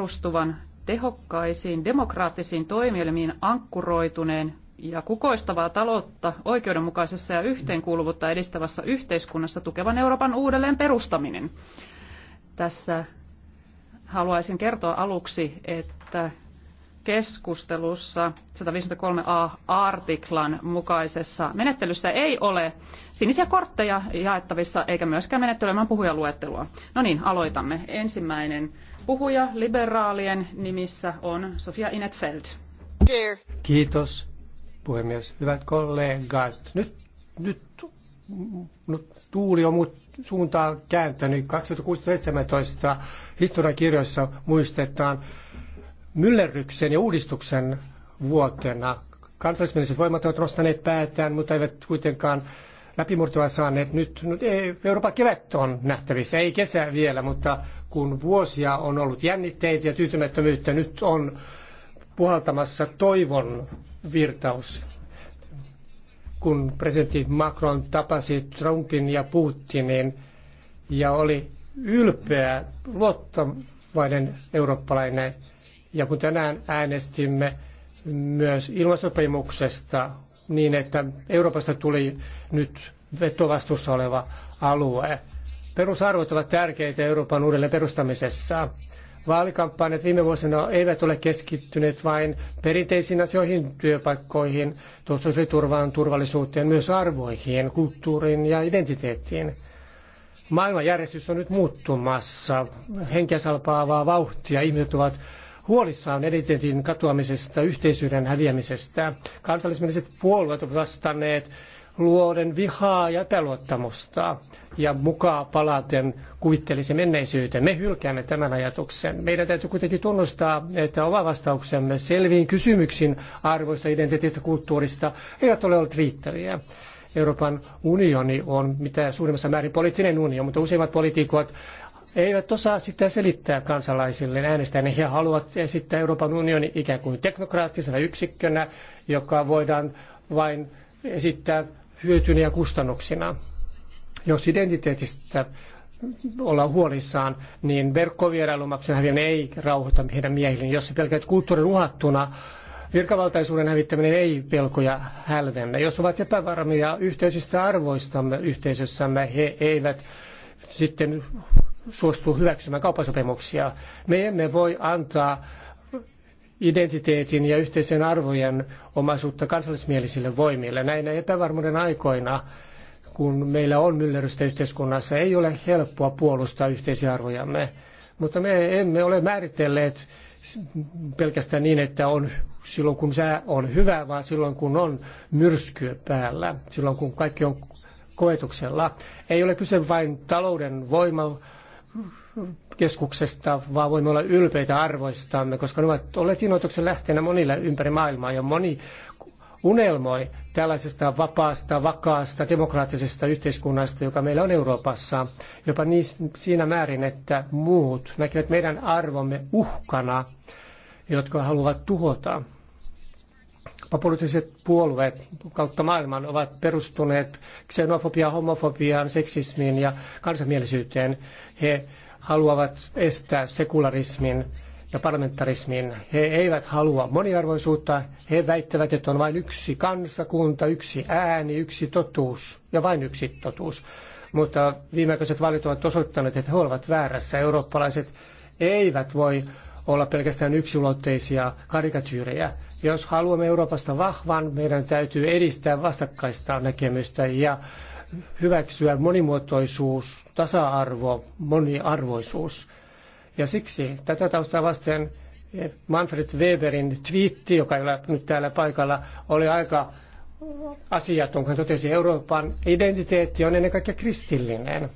perustuvan tehokkaisiin demokraattisiin toimielimiin ankkuroituneen ja kukoistavaa taloutta oikeudenmukaisessa ja yhteenkuuluvuutta edistävässä yhteiskunnassa tukevan Euroopan uudelleen perustaminen. Tässä haluaisin kertoa aluksi, että keskustelussa 153a artiklan mukaisessa menettelyssä ei ole sinisiä kortteja jaettavissa eikä myöskään menettelemään puhujaluettelua. No niin, aloitamme. Ensimmäinen puhuja liberaalien nimissä on Sofia Inetfeld. Kiitos puhemies. Hyvät kollegat, nyt, nyt, nyt tuuli on mut suuntaan kääntänyt. 2016-2017 historiakirjoissa muistetaan myllerryksen ja uudistuksen vuotena. Kansallismieliset voimat ovat nostaneet päätään, mutta eivät kuitenkaan läpimurtoa saaneet. Nyt, nyt e, ei, Euroopan kevät on nähtävissä, ei kesä vielä, mutta kun vuosia on ollut jännitteitä ja tyytymättömyyttä, nyt on puhaltamassa toivon virtaus. Kun presidentti Macron tapasi Trumpin ja Putinin ja oli ylpeä, luottavainen eurooppalainen ja kun tänään äänestimme myös ilmastopimuksesta niin, että Euroopasta tuli nyt vetovastuussa oleva alue. Perusarvot ovat tärkeitä Euroopan uudelleen perustamisessa. Vaalikampanjat viime vuosina eivät ole keskittyneet vain perinteisiin asioihin, työpaikkoihin, sosiaaliturvaan, turvallisuuteen, myös arvoihin, kulttuuriin ja identiteettiin. Maailmanjärjestys on nyt muuttumassa henkeä salpaavaa vauhtia. Ihmiset ovat huolissaan identiteetin katoamisesta, yhteisyyden häviämisestä. Kansallismieliset puolueet ovat vastanneet luoden vihaa ja epäluottamusta ja mukaan palaten kuvittelisi menneisyyteen. Me hylkäämme tämän ajatuksen. Meidän täytyy kuitenkin tunnustaa, että oma vastauksemme selviin kysymyksiin arvoista, identiteetistä, kulttuurista eivät ole olleet riittäviä. Euroopan unioni on mitä suurimmassa määrin poliittinen unioni, mutta useimmat poliitikot eivät osaa sitä selittää kansalaisille äänestäjille. He haluavat esittää Euroopan unionin ikään kuin teknokraattisena yksikkönä, joka voidaan vain esittää hyötynä ja kustannuksina. Jos identiteetistä olla huolissaan, niin verkkovierailumaksun häviäminen ei rauhoita heidän miehilleen. Jos se pelkää kulttuurin uhattuna, virkavaltaisuuden hävittäminen ei pelkoja hälvennä. Jos ovat epävarmia yhteisistä arvoistamme yhteisössämme, he eivät sitten suostuu hyväksymään kauppasopimuksia. Me emme voi antaa identiteetin ja yhteisen arvojen omaisuutta kansallismielisille voimille. Näinä epävarmuuden aikoina, kun meillä on myllerrystä yhteiskunnassa, ei ole helppoa puolustaa yhteisiä arvojamme. Mutta me emme ole määritelleet pelkästään niin, että on silloin kun sää on hyvä, vaan silloin kun on myrskyä päällä, silloin kun kaikki on koetuksella. Ei ole kyse vain talouden voima keskuksesta, vaan voimme olla ylpeitä arvoistamme, koska ne ovat olleet innoituksen lähteenä monille ympäri maailmaa ja moni unelmoi tällaisesta vapaasta, vakaasta, demokraattisesta yhteiskunnasta, joka meillä on Euroopassa, jopa niin, siinä määrin, että muut näkevät meidän arvomme uhkana, jotka haluavat tuhota. Populistiset puolueet kautta maailman ovat perustuneet xenofobiaan, homofobiaan, seksismiin ja kansanmielisyyteen. He haluavat estää sekularismin ja parlamentarismin. He eivät halua moniarvoisuutta. He väittävät, että on vain yksi kansakunta, yksi ääni, yksi totuus ja vain yksi totuus. Mutta viimeaikaiset vaalit ovat osoittaneet, että he ovat väärässä. Eurooppalaiset eivät voi olla pelkästään yksiulotteisia karikatyyrejä. Jos haluamme Euroopasta vahvan, meidän täytyy edistää vastakkaista näkemystä ja hyväksyä monimuotoisuus, tasa-arvo, moniarvoisuus. Ja siksi tätä taustaa vasten Manfred Weberin twiitti, joka ei ole nyt täällä paikalla, oli aika asiaton, hän totesi, Euroopan identiteetti on ennen kaikkea kristillinen.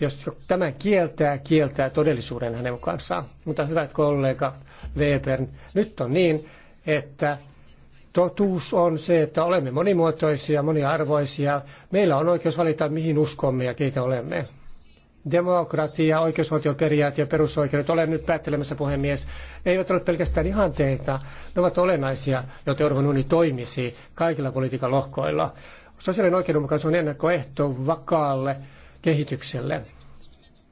Jos tämä kieltää, kieltää todellisuuden hänen mukaansa. Mutta hyvät kollega Weber, nyt on niin, että Totuus on se, että olemme monimuotoisia, moniarvoisia. Meillä on oikeus valita, mihin uskomme ja keitä olemme. Demokratia, oikeusvaltioperiaate ja perusoikeudet, olen nyt päättelemässä puhemies, eivät ole pelkästään ihanteita, ne ovat olennaisia, jotta Euroopan unioni toimisi kaikilla politiikan lohkoilla. Sosiaalinen oikeudenmukaisuus on ennakkoehto vakaalle kehitykselle.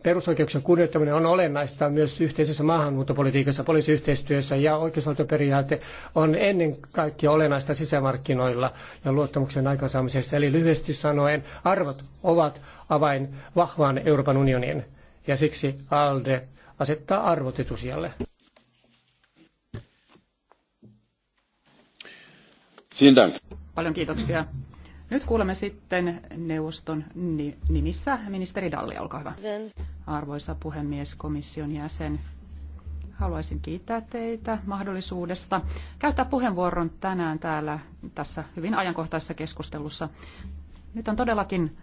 Perusoikeuksien kunnioittaminen on olennaista myös yhteisessä maahanmuuttopolitiikassa, poliisiyhteistyössä ja oikeusvaltioperiaate on ennen kaikkea olennaista sisämarkkinoilla ja luottamuksen aikaansaamisessa. Eli lyhyesti sanoen, arvot ovat avain vahvaan Euroopan unionin ja siksi ALDE asettaa arvot etusijalle. Paljon kiitoksia. Nyt kuulemme sitten neuvoston nimissä ministeri Dalli, olkaa hyvä. Arvoisa puhemies, komission jäsen, haluaisin kiittää teitä mahdollisuudesta käyttää puheenvuoron tänään täällä tässä hyvin ajankohtaisessa keskustelussa. Nyt on todellakin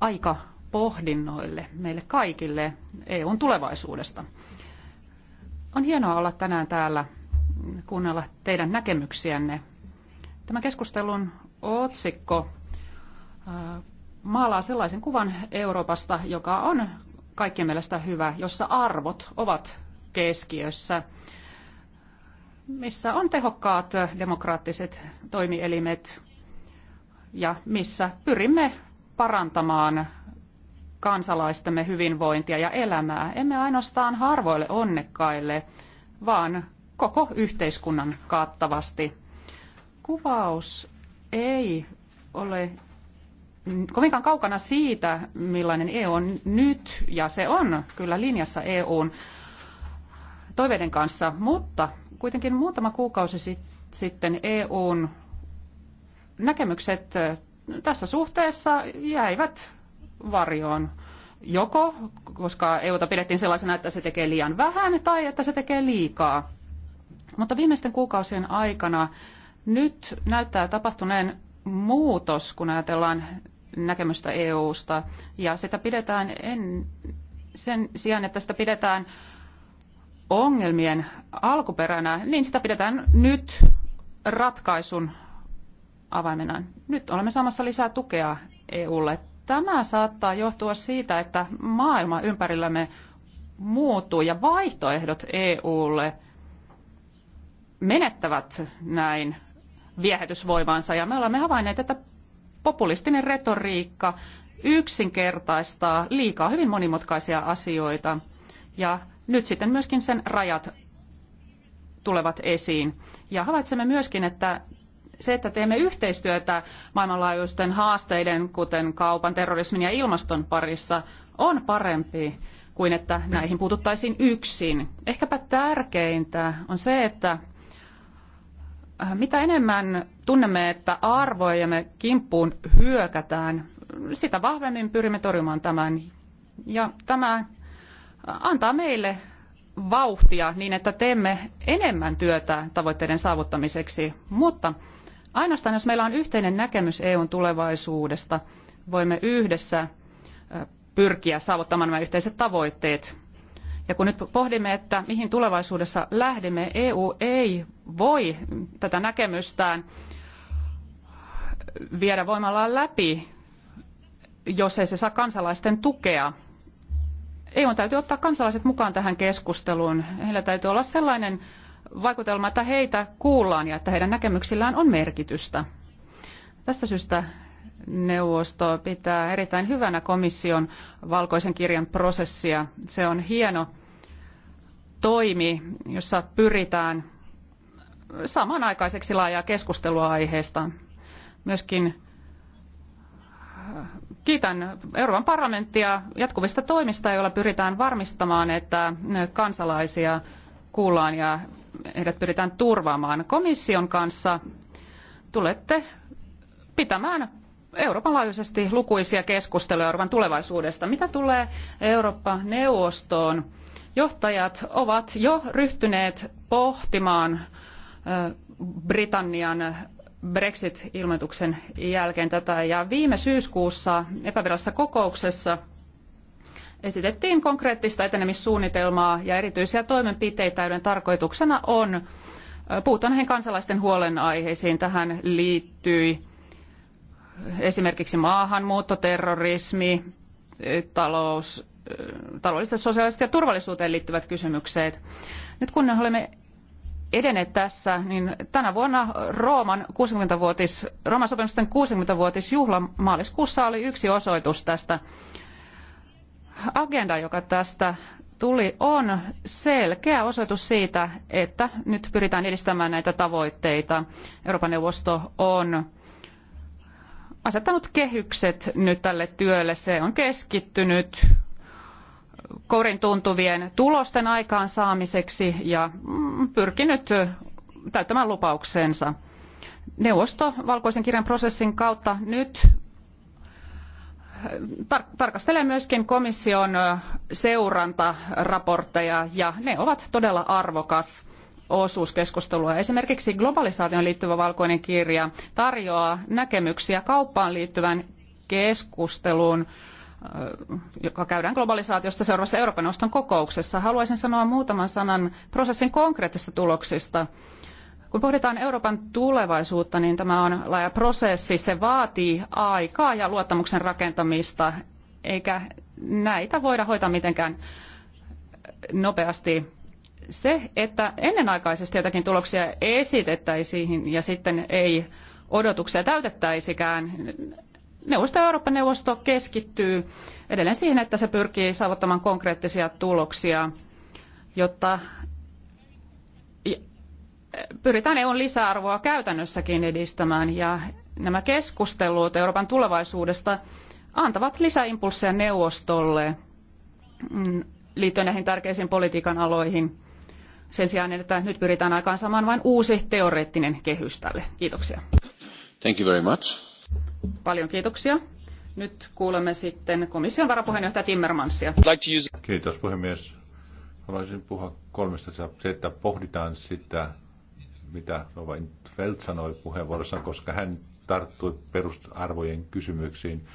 aika pohdinnoille meille kaikille EUn tulevaisuudesta. On hienoa olla tänään täällä kuunnella teidän näkemyksiänne. Tämän keskustelun otsikko maalaa sellaisen kuvan Euroopasta, joka on kaikkien mielestä hyvä, jossa arvot ovat keskiössä, missä on tehokkaat demokraattiset toimielimet ja missä pyrimme parantamaan kansalaistemme hyvinvointia ja elämää, emme ainoastaan harvoille onnekkaille, vaan koko yhteiskunnan kattavasti. Kuvaus ei ole kovinkaan kaukana siitä, millainen EU on nyt, ja se on kyllä linjassa EUn toiveiden kanssa, mutta kuitenkin muutama kuukausi sitten EUn näkemykset äh, tässä suhteessa jäivät varjoon. Joko, koska EUta pidettiin sellaisena, että se tekee liian vähän, tai että se tekee liikaa. Mutta viimeisten kuukausien aikana nyt näyttää tapahtuneen muutos, kun ajatellaan näkemystä EU-sta. ja sitä pidetään en, sen sijaan, että sitä pidetään ongelmien alkuperänä, niin sitä pidetään nyt ratkaisun avaimena. Nyt olemme saamassa lisää tukea EUlle. Tämä saattaa johtua siitä, että maailma ympärillämme muuttuu ja vaihtoehdot EUlle menettävät näin viehätysvoimansa. Ja me olemme havainneet, että populistinen retoriikka yksinkertaistaa liikaa hyvin monimutkaisia asioita ja nyt sitten myöskin sen rajat tulevat esiin. Ja havaitsemme myöskin, että se, että teemme yhteistyötä maailmanlaajuisten haasteiden, kuten kaupan, terrorismin ja ilmaston parissa, on parempi kuin että näihin puututtaisiin yksin. Ehkäpä tärkeintä on se, että Äh, mitä enemmän tunnemme, että arvojemme kimppuun hyökätään, sitä vahvemmin pyrimme torjumaan tämän. Ja tämä äh, antaa meille vauhtia niin, että teemme enemmän työtä tavoitteiden saavuttamiseksi, mutta ainoastaan jos meillä on yhteinen näkemys EUn tulevaisuudesta, voimme yhdessä äh, pyrkiä saavuttamaan nämä yhteiset tavoitteet. Ja kun nyt pohdimme, että mihin tulevaisuudessa lähdemme, EU ei voi tätä näkemystään viedä voimallaan läpi, jos ei se saa kansalaisten tukea. EU täytyy ottaa kansalaiset mukaan tähän keskusteluun. Heillä täytyy olla sellainen vaikutelma, että heitä kuullaan ja että heidän näkemyksillään on merkitystä. Tästä syystä neuvosto pitää erittäin hyvänä komission valkoisen kirjan prosessia. Se on hieno toimi, jossa pyritään samanaikaiseksi laajaa keskustelua aiheesta. Myöskin äh, kiitän Euroopan parlamenttia jatkuvista toimista, joilla pyritään varmistamaan, että kansalaisia kuullaan ja heidät pyritään turvaamaan. Komission kanssa tulette pitämään Euroopan laajuisesti lukuisia keskusteluja Euroopan tulevaisuudesta. Mitä tulee Eurooppa-neuvostoon? Johtajat ovat jo ryhtyneet pohtimaan Britannian Brexit-ilmoituksen jälkeen tätä. Ja viime syyskuussa epävirallisessa kokouksessa esitettiin konkreettista etenemissuunnitelmaa ja erityisiä toimenpiteitä, joiden tarkoituksena on puuttua näihin kansalaisten huolenaiheisiin. Tähän liittyi esimerkiksi maahanmuutto, terrorismi, talous, taloudelliset, sosiaaliset ja turvallisuuteen liittyvät kysymykset. Nyt kun olemme edenneet tässä, niin tänä vuonna Rooman, 60-vuotis, Rooman sopimusten 60-vuotisjuhla maaliskuussa oli yksi osoitus tästä. Agenda, joka tästä tuli, on selkeä osoitus siitä, että nyt pyritään edistämään näitä tavoitteita. Euroopan neuvosto on asettanut kehykset nyt tälle työlle. Se on keskittynyt kourin tuntuvien tulosten aikaansaamiseksi ja mm, pyrkinyt täyttämään lupauksensa. Neuvosto valkoisen kirjan prosessin kautta nyt tar- tarkastelee myöskin komission seurantaraportteja ja ne ovat todella arvokas osuuskeskustelua. Esimerkiksi globalisaation liittyvä valkoinen kirja tarjoaa näkemyksiä kauppaan liittyvän keskusteluun, joka käydään globalisaatiosta seuraavassa Euroopan neuvoston kokouksessa. Haluaisin sanoa muutaman sanan prosessin konkreettisista tuloksista. Kun pohditaan Euroopan tulevaisuutta, niin tämä on laaja prosessi. Se vaatii aikaa ja luottamuksen rakentamista, eikä näitä voida hoitaa mitenkään nopeasti se, että ennenaikaisesti jotakin tuloksia esitettäisiin ja sitten ei odotuksia täytettäisikään, neuvosto ja Euroopan neuvosto keskittyy edelleen siihen, että se pyrkii saavuttamaan konkreettisia tuloksia, jotta pyritään EUn lisäarvoa käytännössäkin edistämään ja nämä keskustelut Euroopan tulevaisuudesta antavat lisäimpulsseja neuvostolle liittyen näihin tärkeisiin politiikan aloihin sen sijaan, että nyt pyritään aikaan saamaan vain uusi teoreettinen kehys tälle. Kiitoksia. Thank you very much. Paljon kiitoksia. Nyt kuulemme sitten komission varapuheenjohtaja Timmermansia. Kiitos puhemies. Haluaisin puhua kolmesta. Se, että pohditaan sitä, mitä Nova Feld sanoi puheenvuorossa, koska hän tarttui perusarvojen kysymyksiin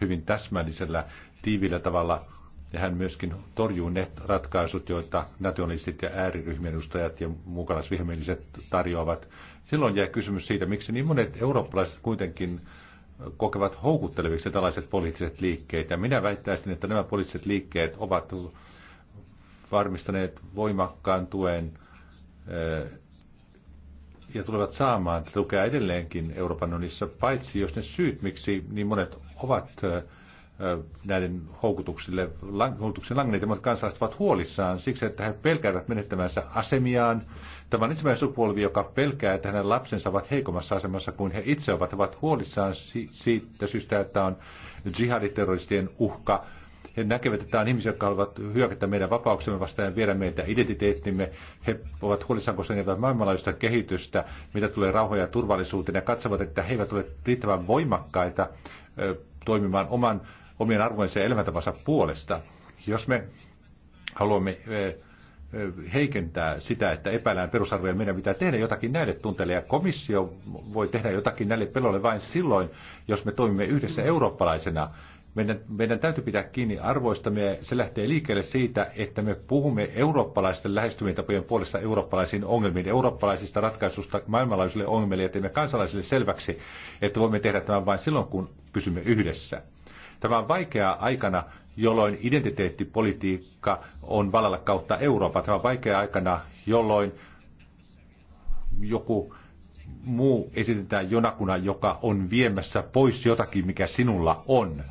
hyvin täsmällisellä, tiivillä tavalla. Ja hän myöskin torjuu ne ratkaisut, joita nationalistit ja ääriryhmien edustajat ja muukalaisvihmeelliset tarjoavat. Silloin jää kysymys siitä, miksi niin monet eurooppalaiset kuitenkin kokevat houkutteleviksi tällaiset poliittiset liikkeet. Ja minä väittäisin, että nämä poliittiset liikkeet ovat varmistaneet voimakkaan tuen eh, ja tulevat saamaan tukea edelleenkin Euroopan unionissa, paitsi jos ne syyt, miksi niin monet ovat eh, näiden houkutuksille, houkutuksen langneet, mutta kansalaiset ovat huolissaan siksi, että he pelkäävät menettämänsä asemiaan. Tämä on ensimmäinen sukupolvi, joka pelkää, että hänen lapsensa ovat heikommassa asemassa kuin he itse ovat. He ovat huolissaan siitä syystä, että on jihaditerroristien uhka. He näkevät, että on ihmisiä, jotka haluavat hyökätä meidän vapauksemme vastaan ja viedä meitä identiteettimme. He ovat huolissaan, koska ne maailmanlaajuista kehitystä, mitä tulee rauhoja ja turvallisuuteen, ja katsovat, että he eivät ole riittävän voimakkaita toimimaan oman omien arvojensa ja elämäntapansa puolesta. Jos me haluamme eh, eh, heikentää sitä, että epäillään perusarvoja, meidän pitää tehdä jotakin näille tunteille, ja komissio voi tehdä jotakin näille pelolle vain silloin, jos me toimimme yhdessä eurooppalaisena. Meidän, meidän täytyy pitää kiinni arvoistamme, ja se lähtee liikkeelle siitä, että me puhumme eurooppalaisten lähestymistapojen puolesta eurooppalaisiin ongelmiin, eurooppalaisista ratkaisusta maailmanlaajuisille ongelmille, ja teemme kansalaisille selväksi, että voimme tehdä tämän vain silloin, kun pysymme yhdessä. Tämä on vaikeaa aikana, jolloin identiteettipolitiikka on valalla kautta Euroopan. Tämä on vaikeaa aikana, jolloin joku muu esitetään jonakuna, joka on viemässä pois jotakin, mikä sinulla on.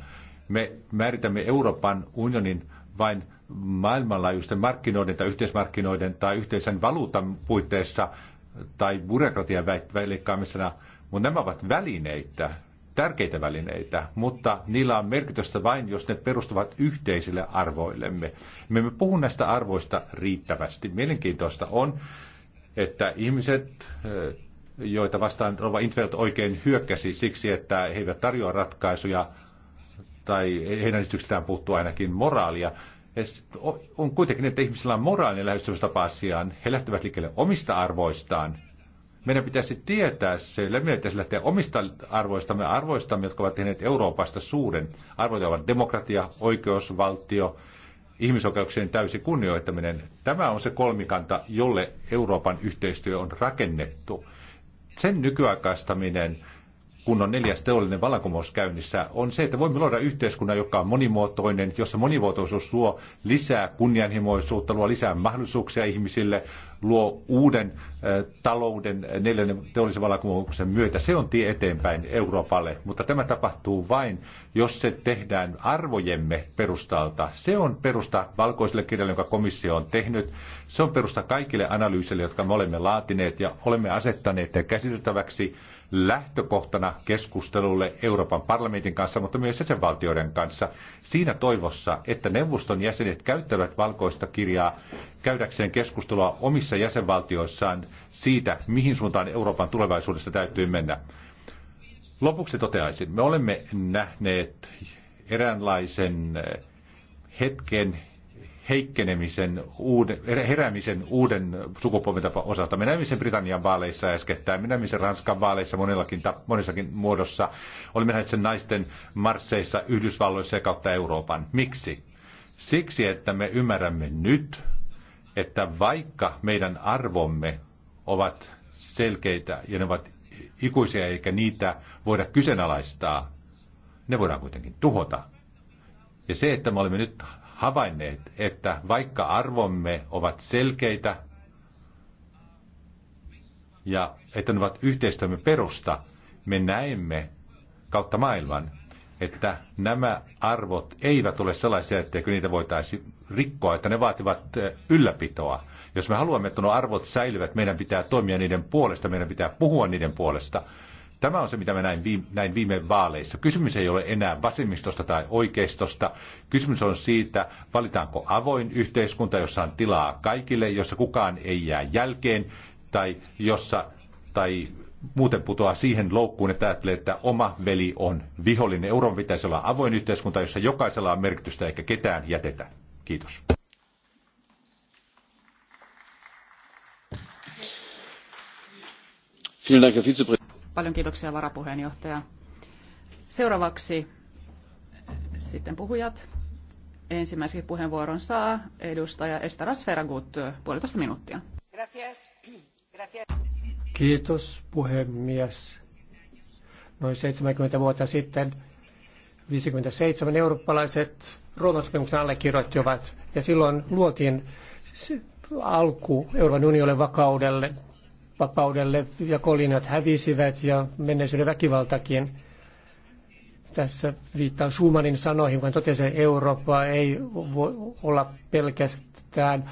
Me määritämme Euroopan unionin vain maailmanlaajuisten markkinoiden tai yhteismarkkinoiden tai yhteisen valuutan puitteissa tai byrokratian leikkaamisena, mutta nämä ovat välineitä tärkeitä välineitä, mutta niillä on merkitystä vain, jos ne perustuvat yhteisille arvoillemme. Me emme puhu näistä arvoista riittävästi. Mielenkiintoista on, että ihmiset, joita vastaan Rova Intveld oikein hyökkäsi siksi, että he eivät tarjoa ratkaisuja, tai heidän esityksestään puuttuu ainakin moraalia, on kuitenkin, niin, että ihmisillä on moraalinen lähestymistapa asiaan. He lähtevät liikkeelle omista arvoistaan meidän pitäisi tietää se, meidän pitäisi lähteä omista arvoistamme, arvoistamme, jotka ovat tehneet Euroopasta suuren. Arvoja ovat demokratia, oikeusvaltio, ihmisoikeuksien täysi kunnioittaminen. Tämä on se kolmikanta, jolle Euroopan yhteistyö on rakennettu. Sen nykyaikaistaminen kun on neljäs teollinen vallankumous käynnissä, on se, että voimme luoda yhteiskunnan, joka on monimuotoinen, jossa monimuotoisuus luo lisää kunnianhimoisuutta, luo lisää mahdollisuuksia ihmisille, luo uuden talouden neljännen teollisen vallankumouksen myötä. Se on tie eteenpäin Euroopalle, mutta tämä tapahtuu vain, jos se tehdään arvojemme perustalta. Se on perusta valkoiselle kirjalle, jonka komissio on tehnyt. Se on perusta kaikille analyysille, jotka me olemme laatineet ja olemme asettaneet käsiteltäväksi lähtökohtana keskustelulle Euroopan parlamentin kanssa, mutta myös jäsenvaltioiden kanssa siinä toivossa, että neuvoston jäsenet käyttävät valkoista kirjaa käydäkseen keskustelua omissa jäsenvaltioissaan siitä, mihin suuntaan Euroopan tulevaisuudessa täytyy mennä. Lopuksi toteaisin, me olemme nähneet eräänlaisen hetken, heikkenemisen, uuden, heräämisen uuden sukupolven osalta. Me näimme sen Britannian vaaleissa äskettäin, me näimme sen Ranskan vaaleissa monellakin, monessakin muodossa. Olemme nähneet sen naisten marsseissa Yhdysvalloissa ja kautta Euroopan. Miksi? Siksi, että me ymmärrämme nyt, että vaikka meidän arvomme ovat selkeitä ja ne ovat ikuisia eikä niitä voida kyseenalaistaa, ne voidaan kuitenkin tuhota. Ja se, että me olemme nyt havainneet, että vaikka arvomme ovat selkeitä ja että ne ovat yhteistyömme perusta, me näemme kautta maailman, että nämä arvot eivät ole sellaisia, että niitä voitaisiin rikkoa, että ne vaativat eh, ylläpitoa. Jos me haluamme, että nuo arvot säilyvät, meidän pitää toimia niiden puolesta, meidän pitää puhua niiden puolesta. Tämä on se, mitä me näin viime, näin viime vaaleissa. Kysymys ei ole enää vasemmistosta tai oikeistosta. Kysymys on siitä, valitaanko avoin yhteiskunta, jossa on tilaa kaikille, jossa kukaan ei jää jälkeen, tai jossa tai muuten putoaa siihen loukkuun, että ajattelee, että oma veli on vihollinen. Euron pitäisi olla avoin yhteiskunta, jossa jokaisella on merkitystä eikä ketään jätetä. Kiitos. Vielen Dank, Herr Vizepräsident. Paljon kiitoksia varapuheenjohtaja. Seuraavaksi sitten puhujat. Ensimmäisen puheenvuoron saa edustaja Estaras Feragut puolitoista minuuttia. Kiitos puhemies. Noin 70 vuotta sitten 57 eurooppalaiset Rooman sopimuksen allekirjoittivat ja silloin luotiin alku Euroopan unionin vakaudelle vapaudelle ja kolinat hävisivät ja menneisyyden väkivaltakin. Tässä viittaan Schumannin sanoihin, kun hän totesi, että Eurooppa ei voi olla pelkästään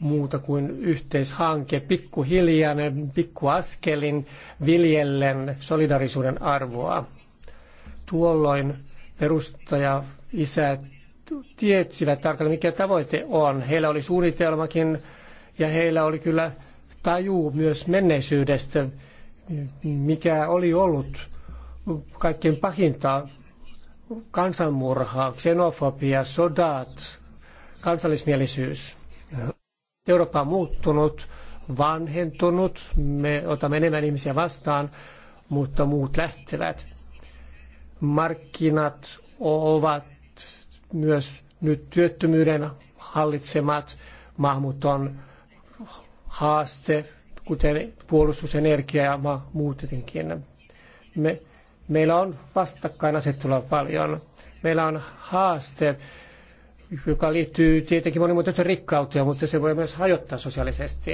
muuta kuin yhteishanke. Pikkuhiljainen, pikkuaskelin viljellen solidarisuuden arvoa. Tuolloin perustaja isä tietsivät tarkalleen, mikä tavoite on. Heillä oli suunnitelmakin ja heillä oli kyllä tajuu myös menneisyydestä, mikä oli ollut kaikkein pahinta kansanmurhaa, xenofobia, sodat, kansallismielisyys. Eurooppa on muuttunut, vanhentunut, me otamme enemmän ihmisiä vastaan, mutta muut lähtevät. Markkinat ovat myös nyt työttömyyden hallitsemat, maahanmuuton haaste, kuten puolustusenergia ja muut tietenkin. Me, meillä on vastakkainasettelua paljon. Meillä on haaste, joka liittyy tietenkin monimuotoisten rikkauteen, mutta se voi myös hajottaa sosiaalisesti.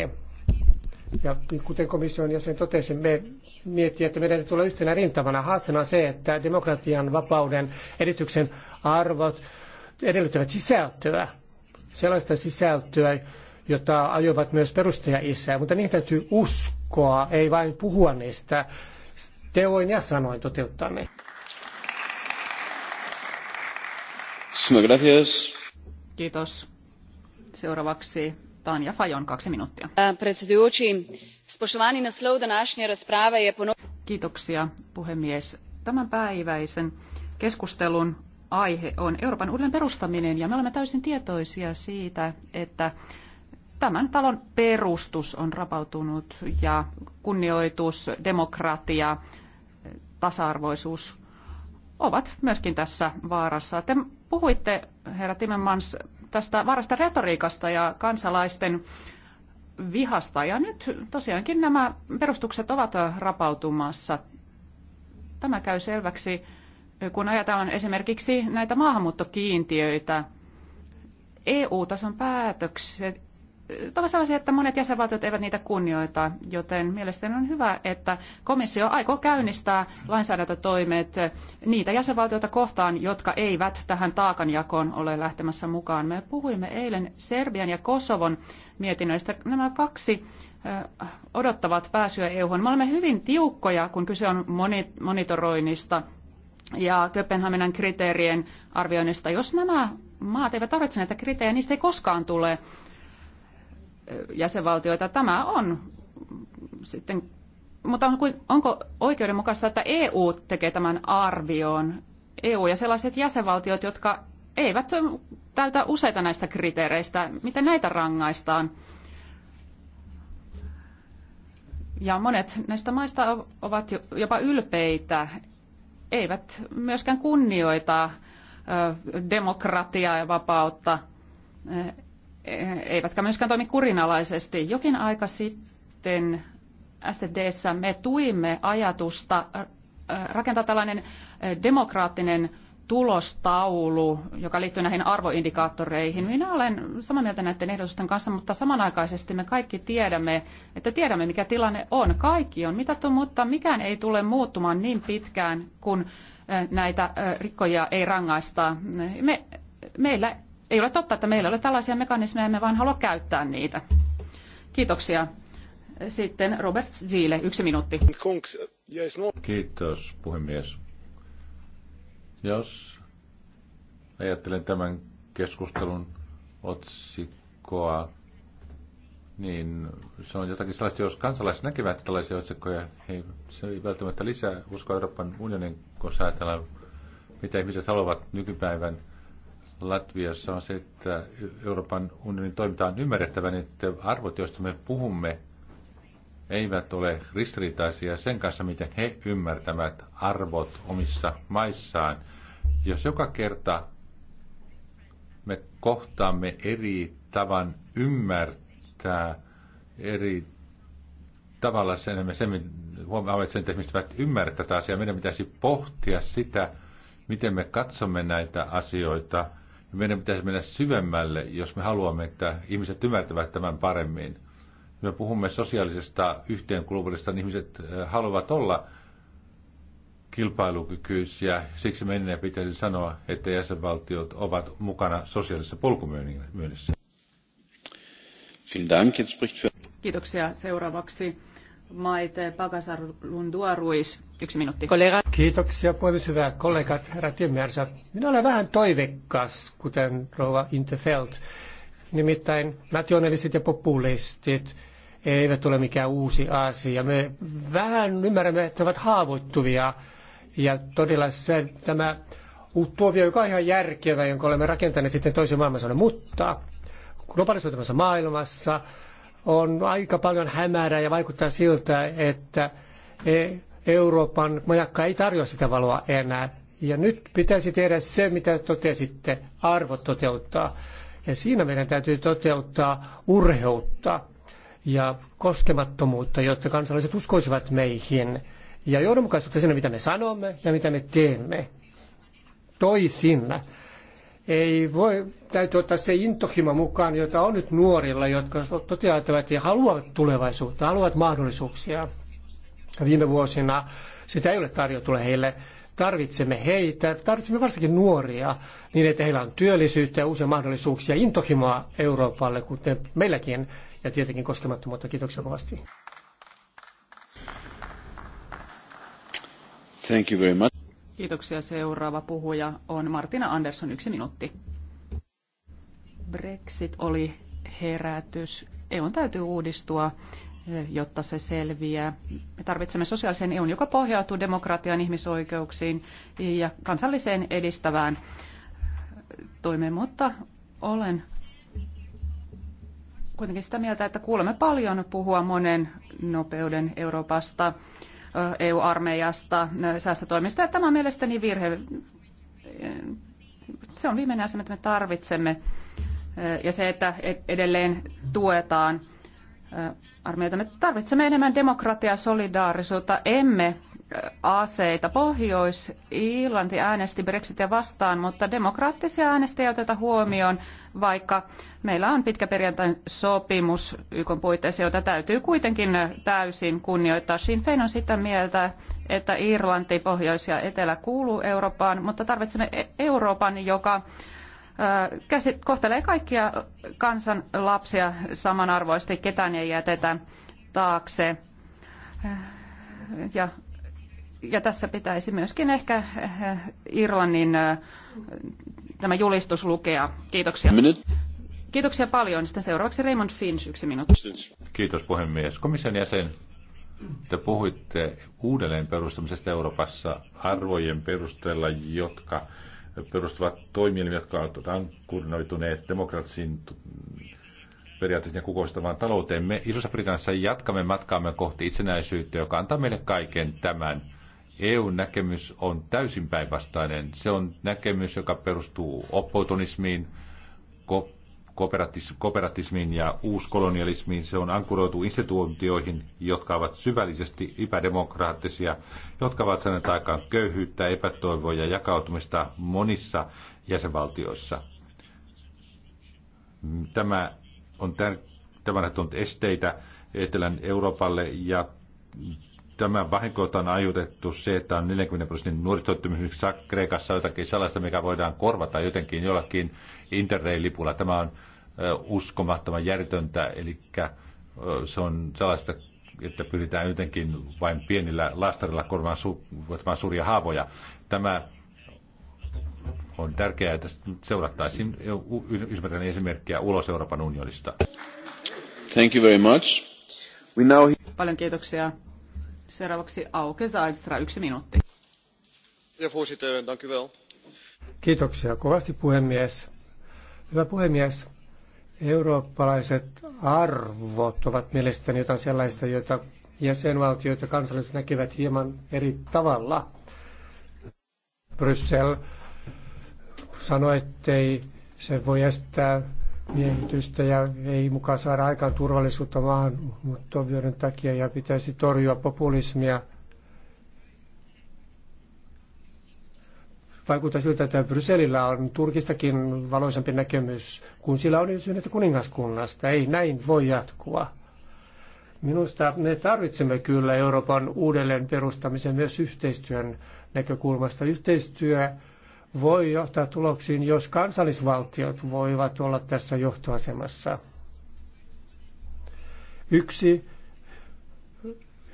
Ja kuten komission jäsen totesi, me miettii, että meidän tulee yhtenä rintamana. Haasteena on se, että demokratian, vapauden, edistyksen arvot edellyttävät sisältöä. Sellaista sisältöä, jota ajoivat myös perustaja perustajaisää, mutta niihin täytyy uskoa, ei vain puhua niistä teoin ja sanoin toteuttaa ne. Kiitos. Seuraavaksi Tanja Fajon, kaksi minuuttia. Kiitoksia, puhemies. Tämänpäiväisen keskustelun aihe on Euroopan uuden perustaminen ja me olemme täysin tietoisia siitä, että tämän talon perustus on rapautunut ja kunnioitus, demokratia, tasa-arvoisuus ovat myöskin tässä vaarassa. Te puhuitte, herra Timmermans, tästä vaarasta retoriikasta ja kansalaisten vihasta. Ja nyt tosiaankin nämä perustukset ovat rapautumassa. Tämä käy selväksi, kun ajatellaan esimerkiksi näitä maahanmuuttokiintiöitä. EU-tason päätökset ovat sellaisia, että monet jäsenvaltiot eivät niitä kunnioita, joten mielestäni on hyvä, että komissio aikoo käynnistää lainsäädäntötoimet niitä jäsenvaltioita kohtaan, jotka eivät tähän taakanjakoon ole lähtemässä mukaan. Me puhuimme eilen Serbian ja Kosovon mietinnöistä. Nämä kaksi odottavat pääsyä EU-hun. Me olemme hyvin tiukkoja, kun kyse on monitoroinnista ja Kööpenhaminan kriteerien arvioinnista. Jos nämä maat eivät tarvitse näitä kriteerejä, niistä ei koskaan tule jäsenvaltioita. Tämä on sitten, mutta onko oikeudenmukaista, että EU tekee tämän arvioon? EU ja sellaiset jäsenvaltiot, jotka eivät täytä useita näistä kriteereistä, miten näitä rangaistaan? Ja monet näistä maista ovat jopa ylpeitä, eivät myöskään kunnioita demokratiaa ja vapautta eivätkä myöskään toimi kurinalaisesti. Jokin aika sitten STDssä me tuimme ajatusta rakentaa tällainen demokraattinen tulostaulu, joka liittyy näihin arvoindikaattoreihin. Minä olen samaa mieltä näiden ehdotusten kanssa, mutta samanaikaisesti me kaikki tiedämme, että tiedämme mikä tilanne on. Kaikki on mitattu, mutta mikään ei tule muuttumaan niin pitkään, kun näitä rikkoja ei rangaista. Me, meillä ei ole totta, että meillä ei ole tällaisia mekanismeja, me vaan halua käyttää niitä. Kiitoksia. Sitten Robert Ziele, yksi minuutti. Kiitos, puhemies. Jos ajattelen tämän keskustelun otsikkoa, niin se on jotakin sellaista, jos kansalaiset näkevät tällaisia otsikkoja, he, se ei välttämättä lisää uskoa Euroopan unionin, kun ajatellaan, mitä ihmiset haluavat nykypäivän – Latviassa on se, että Euroopan unionin toiminta on ymmärrettävä, niin että arvot, joista me puhumme, eivät ole ristiriitaisia sen kanssa, miten he ymmärtävät arvot omissa maissaan. Jos joka kerta me kohtaamme eri tavan ymmärtää eri tavalla sen, me sen huomaamme, että sen tehmistävät ymmärtää tätä asiaa. Meidän pitäisi pohtia sitä, miten me katsomme näitä asioita meidän pitäisi mennä syvemmälle, jos me haluamme, että ihmiset ymmärtävät tämän paremmin. Me puhumme sosiaalisesta yhteenkuuluvuudesta, niin ihmiset eh, haluavat olla kilpailukykyisiä. Siksi meidän pitäisi sanoa, että jäsenvaltiot ovat mukana sosiaalisessa polkumyynnissä. Kiitoksia. Seuraavaksi Maite Pakasar Lunduaruis. Yksi minuutti. Kollega. Kiitoksia puhemies, hyvää kollegat, herra Timmersä. Minä olen vähän toivekkas, kuten rouva Interfeld. Nimittäin nationalistit ja populistit eivät ole mikään uusi asia. Me vähän ymmärrämme, että ovat haavoittuvia ja todella se, tämä utopia, joka on ihan järkevä, jonka olemme rakentaneet sitten toisen maailmansodan, mutta globalisoitumassa maailmassa, on aika paljon hämärää ja vaikuttaa siltä, että e- Euroopan majakka ei tarjoa sitä valoa enää. Ja nyt pitäisi tehdä se, mitä totesitte, arvot toteuttaa. Ja siinä meidän täytyy toteuttaa urheutta ja koskemattomuutta, jotta kansalaiset uskoisivat meihin. Ja johdonmukaisuutta siinä, mitä me sanomme ja mitä me teemme. Toisin ei voi, täytyy ottaa se intohimo mukaan, jota on nyt nuorilla, jotka toteavat ja haluavat tulevaisuutta, haluavat mahdollisuuksia. Viime vuosina sitä ei ole tarjottu heille. Tarvitsemme heitä, tarvitsemme varsinkin nuoria, niin että heillä on työllisyyttä ja uusia mahdollisuuksia, intohimoa Euroopalle, kuten meilläkin, ja tietenkin koskemattomuutta. Kiitoksia kovasti. Thank you very much. Kiitoksia. Seuraava puhuja on Martina Andersson, yksi minuutti. Brexit oli herätys. EUn täytyy uudistua, e, jotta se selviää. Me tarvitsemme sosiaalisen EUn, joka pohjautuu demokratian, ihmisoikeuksiin ja kansalliseen edistävään toimeen, mutta olen kuitenkin sitä mieltä, että kuulemme paljon puhua monen nopeuden Euroopasta EU-armeijasta, säästötoimista. Ja tämä on mielestäni virhe. Se on viimeinen asia, mitä me tarvitsemme. Ja se, että e- edelleen tuetaan armeijoita. Me tarvitsemme enemmän demokratiaa, solidaarisuutta, emme aseita. Pohjois-Irlanti äänesti Brexitia vastaan, mutta demokraattisia äänestäjiä otetaan huomioon, vaikka meillä on pitkä perjantain sopimus YK puitteissa, jota täytyy kuitenkin täysin kunnioittaa. Sinn Fein on sitä mieltä, että Irlanti, Pohjois ja Etelä kuuluu Eurooppaan, mutta tarvitsemme e- Euroopan, joka kohtelee kaikkia kansan lapsia samanarvoisesti, ketään ei jätetä taakse. Ja ja tässä pitäisi myöskin ehkä eh, Irlannin eh, tämä julistus lukea. Kiitoksia. Kiitoksia paljon. Sitten seuraavaksi Raymond Finch, yksi minuutti. Kiitos puhemies. Komission jäsen, te puhuitte uudelleen perustamisesta Euroopassa arvojen perusteella, jotka perustuvat toimielimiä, jotka ovat ankkurinoituneet demokraattisiin periaatteessa kukoistavaan talouteen. Me Isossa Britanniassa jatkamme matkaamme kohti itsenäisyyttä, joka antaa meille kaiken tämän. EU-näkemys on täysin päinvastainen. Se on näkemys, joka perustuu opportunismiin, ko- kooperatis- kooperatismiin ja uuskolonialismiin. Se on ankuroitu instituutioihin, jotka ovat syvällisesti epädemokraattisia, jotka ovat saaneet aikaan köyhyyttä, epätoivoa ja jakautumista monissa jäsenvaltioissa. Tämä on tär- tämä esteitä Etelän Euroopalle ja tämä vahinkoita on ajutettu se, että on 40 prosentin nuorisotyöttömyys Kreikassa jotakin sellaista, mikä voidaan korvata jotenkin jollakin Interrail-lipulla. Tämä on uskomattoman järjetöntä, eli se on sellaista, että pyritään jotenkin vain pienillä lastarilla korvaamaan su- suuria haavoja. Tämä on tärkeää, että seurattaisiin Yhdysvaltain esimerkkiä ulos Euroopan unionista. Thank you very much. We now... Paljon kiitoksia. Seuraavaksi Auke Zaidstra, yksi minuutti. Ja voorzitter, dank u wel. Kiitoksia kovasti puhemies. Hyvä puhemies, eurooppalaiset arvot ovat mielestäni jotain sellaista, joita jäsenvaltioita kansalaiset näkevät hieman eri tavalla. Bryssel sanoi, ettei se voi estää miehitystä ja ei mukaan saada aikaan turvallisuutta maahanmuuttovyöryn takia ja pitäisi torjua populismia. Vaikuttaa siltä, että Brysselillä on Turkistakin valoisampi näkemys kuin sillä on yhdessä kuningaskunnasta. Ei näin voi jatkua. Minusta me tarvitsemme kyllä Euroopan uudelleen perustamisen myös yhteistyön näkökulmasta. Yhteistyö voi johtaa tuloksiin, jos kansallisvaltiot voivat olla tässä johtoasemassa. Yksi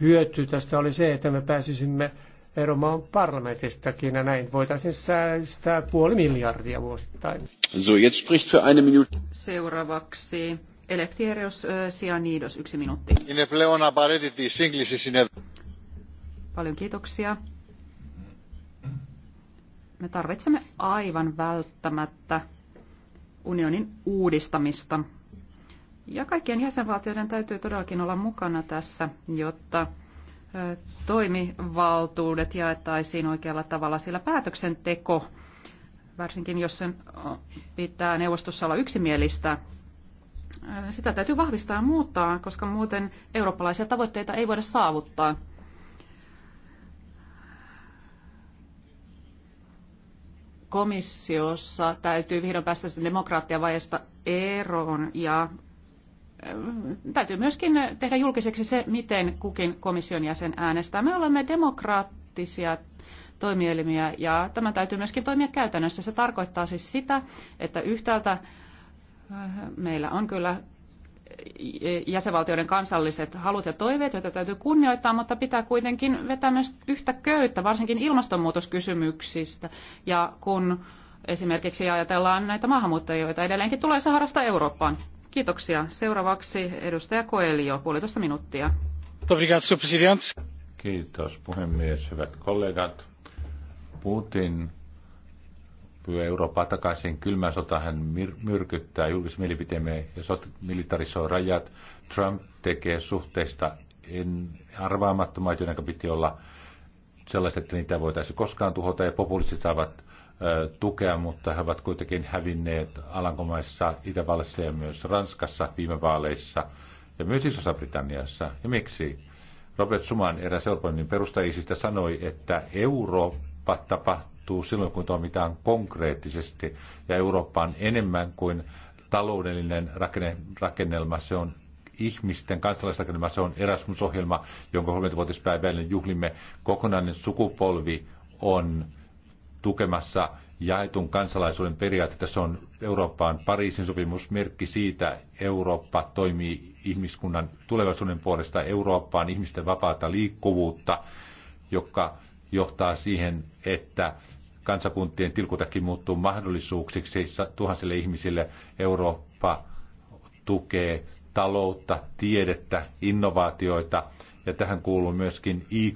hyöty tästä oli se, että me pääsisimme eromaan parlamentistakin ja näin voitaisiin säästää puoli miljardia vuosittain. So, jetzt spricht für eine Minute. Seuraavaksi Eleftherios Sianidos, yksi minuutti. Paljon kiitoksia. Me tarvitsemme aivan välttämättä unionin uudistamista. Ja kaikkien jäsenvaltioiden täytyy todellakin olla mukana tässä, jotta toimivaltuudet jaettaisiin oikealla tavalla, sillä päätöksenteko, varsinkin jos sen pitää neuvostossa olla yksimielistä, sitä täytyy vahvistaa ja muuttaa, koska muuten eurooppalaisia tavoitteita ei voida saavuttaa. komissiossa täytyy vihdoin päästä sen demokraattiavajeesta eroon ja äh, täytyy myöskin tehdä julkiseksi se, miten kukin komission jäsen äänestää. Me olemme demokraattisia toimielimiä ja tämä täytyy myöskin toimia käytännössä. Se tarkoittaa siis sitä, että yhtäältä äh, meillä on kyllä jäsenvaltioiden kansalliset halut ja toiveet, joita täytyy kunnioittaa, mutta pitää kuitenkin vetää myös yhtä köyttä, varsinkin ilmastonmuutoskysymyksistä. Ja kun esimerkiksi ajatellaan näitä maahanmuuttajia, joita edelleenkin tulee Saharasta Eurooppaan. Kiitoksia. Seuraavaksi edustaja Koelio, puolitoista minuuttia. Kiitos puhemies, hyvät kollegat. Putin Eurooppaa takaisin. Kylmän sota hän myrkyttää julkisen mielipiteemme ja sot, militarisoi rajat. Trump tekee suhteista en arvaamattomaa, joiden piti olla sellaiset, että niitä voitaisiin koskaan tuhota ja populistit saavat ö, tukea, mutta he ovat kuitenkin hävinneet Alankomaissa, Itävallassa ja myös Ranskassa viime vaaleissa ja myös Isossa-Britanniassa. Ja miksi? Robert Suman, eräs Euroopan perustajista, sanoi, että Eurooppa tapahtuu tapahtuu silloin, kun toimitaan konkreettisesti. Ja Eurooppa on enemmän kuin taloudellinen rakenne, rakennelma. Se on ihmisten kansalaisrakennelma. Se on Erasmus-ohjelma, jonka 30-vuotispäivällä juhlimme. Kokonainen sukupolvi on tukemassa jaetun kansalaisuuden periaatteita. Se on Eurooppaan Pariisin sopimus merkki siitä. Eurooppa toimii ihmiskunnan tulevaisuuden puolesta. Eurooppaan ihmisten vapaata liikkuvuutta, joka johtaa siihen, että kansakuntien tilkutakin muuttuu mahdollisuuksiksi tuhansille ihmisille. Eurooppa tukee taloutta, tiedettä, innovaatioita ja tähän kuuluu myöskin e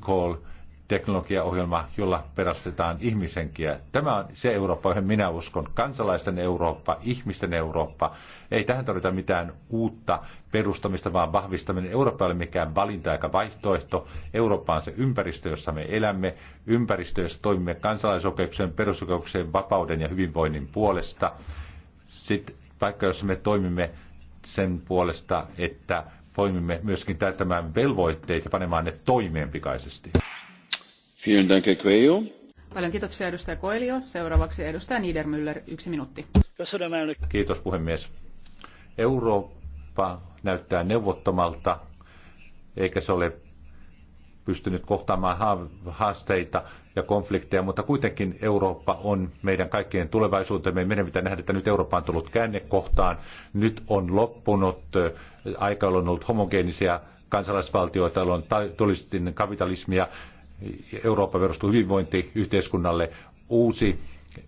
teknologiaohjelma, jolla perastetaan ihmisenkiä. Tämä on se Eurooppa, johon minä uskon. Kansalaisten Eurooppa, ihmisten Eurooppa. Ei tähän tarvita mitään uutta perustamista, vaan vahvistaminen. Eurooppa ei ole mikään valinta eikä vaihtoehto. Eurooppa on se ympäristö, jossa me elämme, ympäristö, jossa toimimme kansalaisoikeuksien, perusoikeuksien, vapauden ja hyvinvoinnin puolesta. Sitten paikka, jossa me toimimme sen puolesta, että toimimme myöskin täyttämään velvoitteet ja panemaan ne toimeen pikaisesti arvoisa Dank, Coelho. Paljon kiitoksia edustaja Koelio. yksi minuutti. Kiitos puhemies. Eurooppa näyttää neuvottomalta, eikä se ole pystynyt kohtaamaan haasteita ja konflikteja, mutta kuitenkin Eurooppa on meidän kaikkien tulevaisuutemme. Meidän pitää nähdä, että nyt Eurooppa on tullut käännekohtaan. Nyt on loppunut, aika on ollut homogeenisia kansalaisvaltioita, on tulistinen kapitalismia Eurooppa perustuu hyvinvointiyhteiskunnalle. Uusi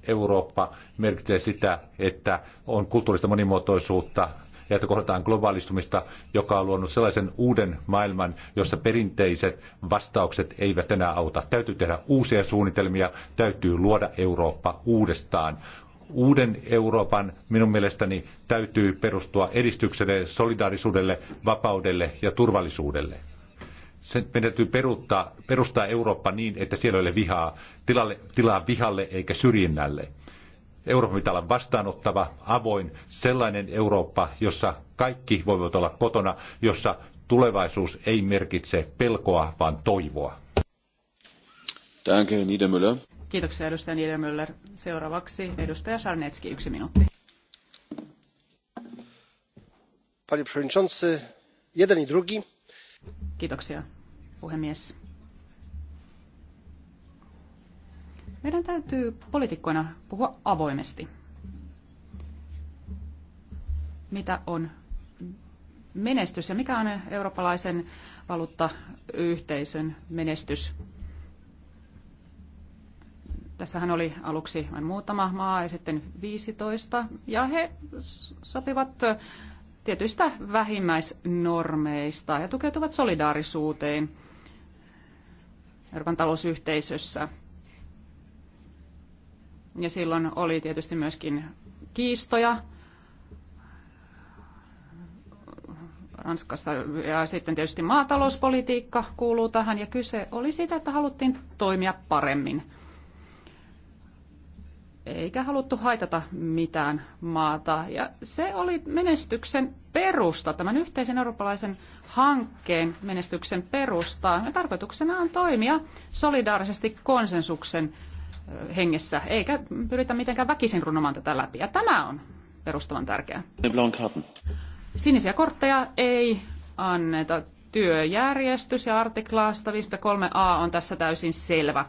Eurooppa merkitsee sitä, että on kulttuurista monimuotoisuutta ja että kohdataan globaalistumista, joka on luonut sellaisen uuden maailman, jossa perinteiset vastaukset eivät enää auta. Täytyy tehdä uusia suunnitelmia, täytyy luoda Eurooppa uudestaan. Uuden Euroopan minun mielestäni täytyy perustua edistykselle, solidaarisuudelle, vapaudelle ja turvallisuudelle sen täytyy peruttaa, perustaa Eurooppa niin, että siellä ei ole vihaa, tilalle, tilaa vihalle eikä syrjinnälle. Eurooppa pitää olla vastaanottava, avoin, sellainen Eurooppa, jossa kaikki voivat olla kotona, jossa tulevaisuus ei merkitse pelkoa, vaan toivoa. Danke, Niedermüller. Kiitoksia edustaja Niedermüller. Seuraavaksi edustaja Sarnetski, yksi minuutti. Panie przewodniczący, jeden i drugi Kiitoksia, puhemies. Meidän täytyy poliitikkoina puhua avoimesti. Mitä on menestys ja mikä on eurooppalaisen valuuttayhteisön menestys? Tässähän oli aluksi vain muutama maa ja sitten 15, ja he sopivat tietyistä vähimmäisnormeista ja tukeutuvat solidaarisuuteen Euroopan talousyhteisössä. Ja silloin oli tietysti myöskin kiistoja Ranskassa ja sitten tietysti maatalouspolitiikka kuuluu tähän ja kyse oli siitä, että haluttiin toimia paremmin eikä haluttu haitata mitään maata. Ja se oli menestyksen perusta, tämän yhteisen eurooppalaisen hankkeen menestyksen perusta. Ja tarkoituksena on toimia solidaarisesti konsensuksen hengessä, eikä pyritä mitenkään väkisin runomaan tätä läpi. Ja tämä on perustavan tärkeää. Sinisiä kortteja ei anneta. Työjärjestys ja artiklaasta 53a on tässä täysin selvä.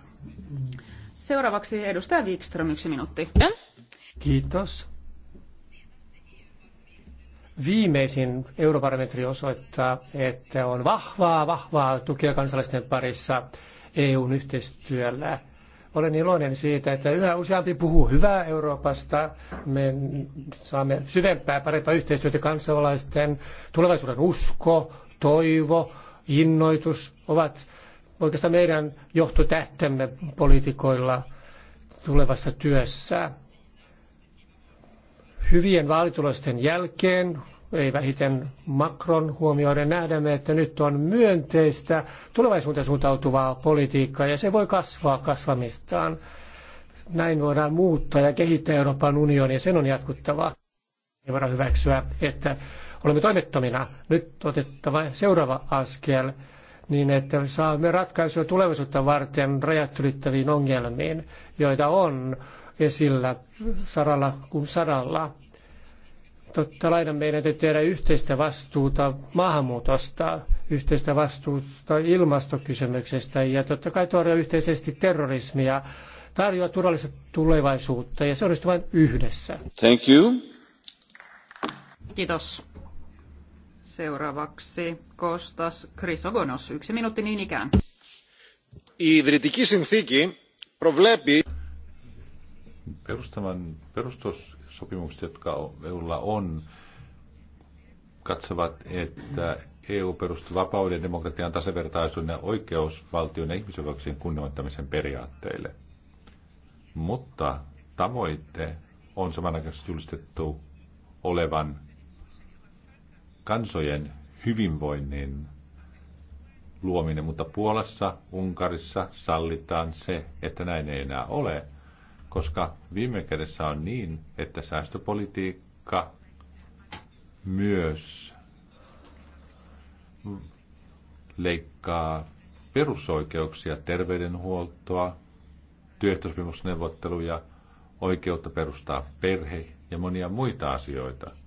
Seuraavaksi edustaja Wikström, yksi minuutti. Kiitos. Viimeisin eurobarometri osoittaa, että on vahvaa, vahvaa tukea kansalaisten parissa EUn yhteistyöllä. Olen iloinen siitä, että yhä useampi puhuu hyvää Euroopasta. Me saamme syvempää, parempaa yhteistyötä kansalaisten. Tulevaisuuden usko, toivo, innoitus ovat oikeastaan meidän johtotähtemme poliitikoilla tulevassa työssä. Hyvien vaalitulosten jälkeen, ei vähiten Macron huomioiden, nähdämme, että nyt on myönteistä tulevaisuuteen suuntautuvaa politiikkaa ja se voi kasvaa kasvamistaan. Näin voidaan muuttaa ja kehittää Euroopan unionia, sen on jatkuttava. Ei voida hyväksyä, että olemme toimettomina. Nyt otettava seuraava askel niin että saamme ratkaisuja tulevaisuutta varten rajat ylittäviin ongelmiin, joita on esillä saralla kuin sadalla. Totta laina meidän täytyy tehdä yhteistä vastuuta maahanmuutosta, yhteistä vastuuta ilmastokysymyksestä ja totta kai torjua yhteisesti terrorismia, tarjoa turvallista tulevaisuutta ja se olisi vain yhdessä. Thank you. Kiitos. Seuraavaksi Kostas Krisogonos. Yksi minuutti niin ikään. Η ιδρυτική συνθήκη προβλέπει... Perustavan perustussopimukset, jotka EUlla on, katsovat, että EU perustuu vapauden, demokratian, tasavertaisuuden ja oikeusvaltion ja ihmisoikeuksien kunnioittamisen periaatteille. Mutta tavoite on samanaikaisesti julistettu olevan kansojen hyvinvoinnin luominen, mutta Puolassa, Unkarissa sallitaan se, että näin ei enää ole, koska viime kädessä on niin, että säästöpolitiikka myös leikkaa perusoikeuksia, terveydenhuoltoa, työehtosopimusneuvotteluja, oikeutta perustaa perhe ja monia muita asioita –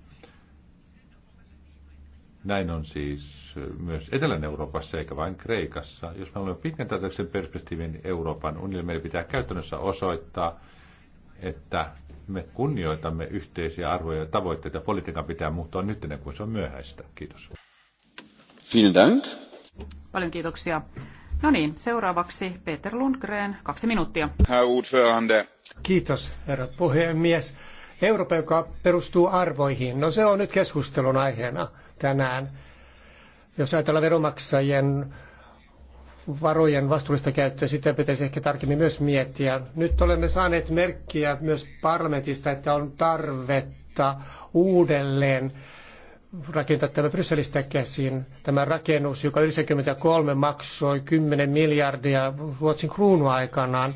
näin on siis myös Etelän Euroopassa eikä vain Kreikassa. Jos me olemme pitkän tähtäyksen perspektiivin Euroopan unionin, meidän pitää käytännössä osoittaa, että me kunnioitamme yhteisiä arvoja ja tavoitteita. Politiikan pitää muuttua nyt ennen kuin se on myöhäistä. Kiitos. Vielen dank. Paljon kiitoksia. No niin, seuraavaksi Peter Lundgren, kaksi minuuttia. Kiitos, herra puhemies. Eurooppa, joka perustuu arvoihin, no se on nyt keskustelun aiheena tänään. Jos ajatellaan veronmaksajien varojen vastuullista käyttöä, sitä pitäisi ehkä tarkemmin myös miettiä. Nyt olemme saaneet merkkiä myös parlamentista, että on tarvetta uudelleen rakentaa tämä Brysselistä käsin tämä rakennus, joka 93 maksoi 10 miljardia Ruotsin kruunua aikanaan.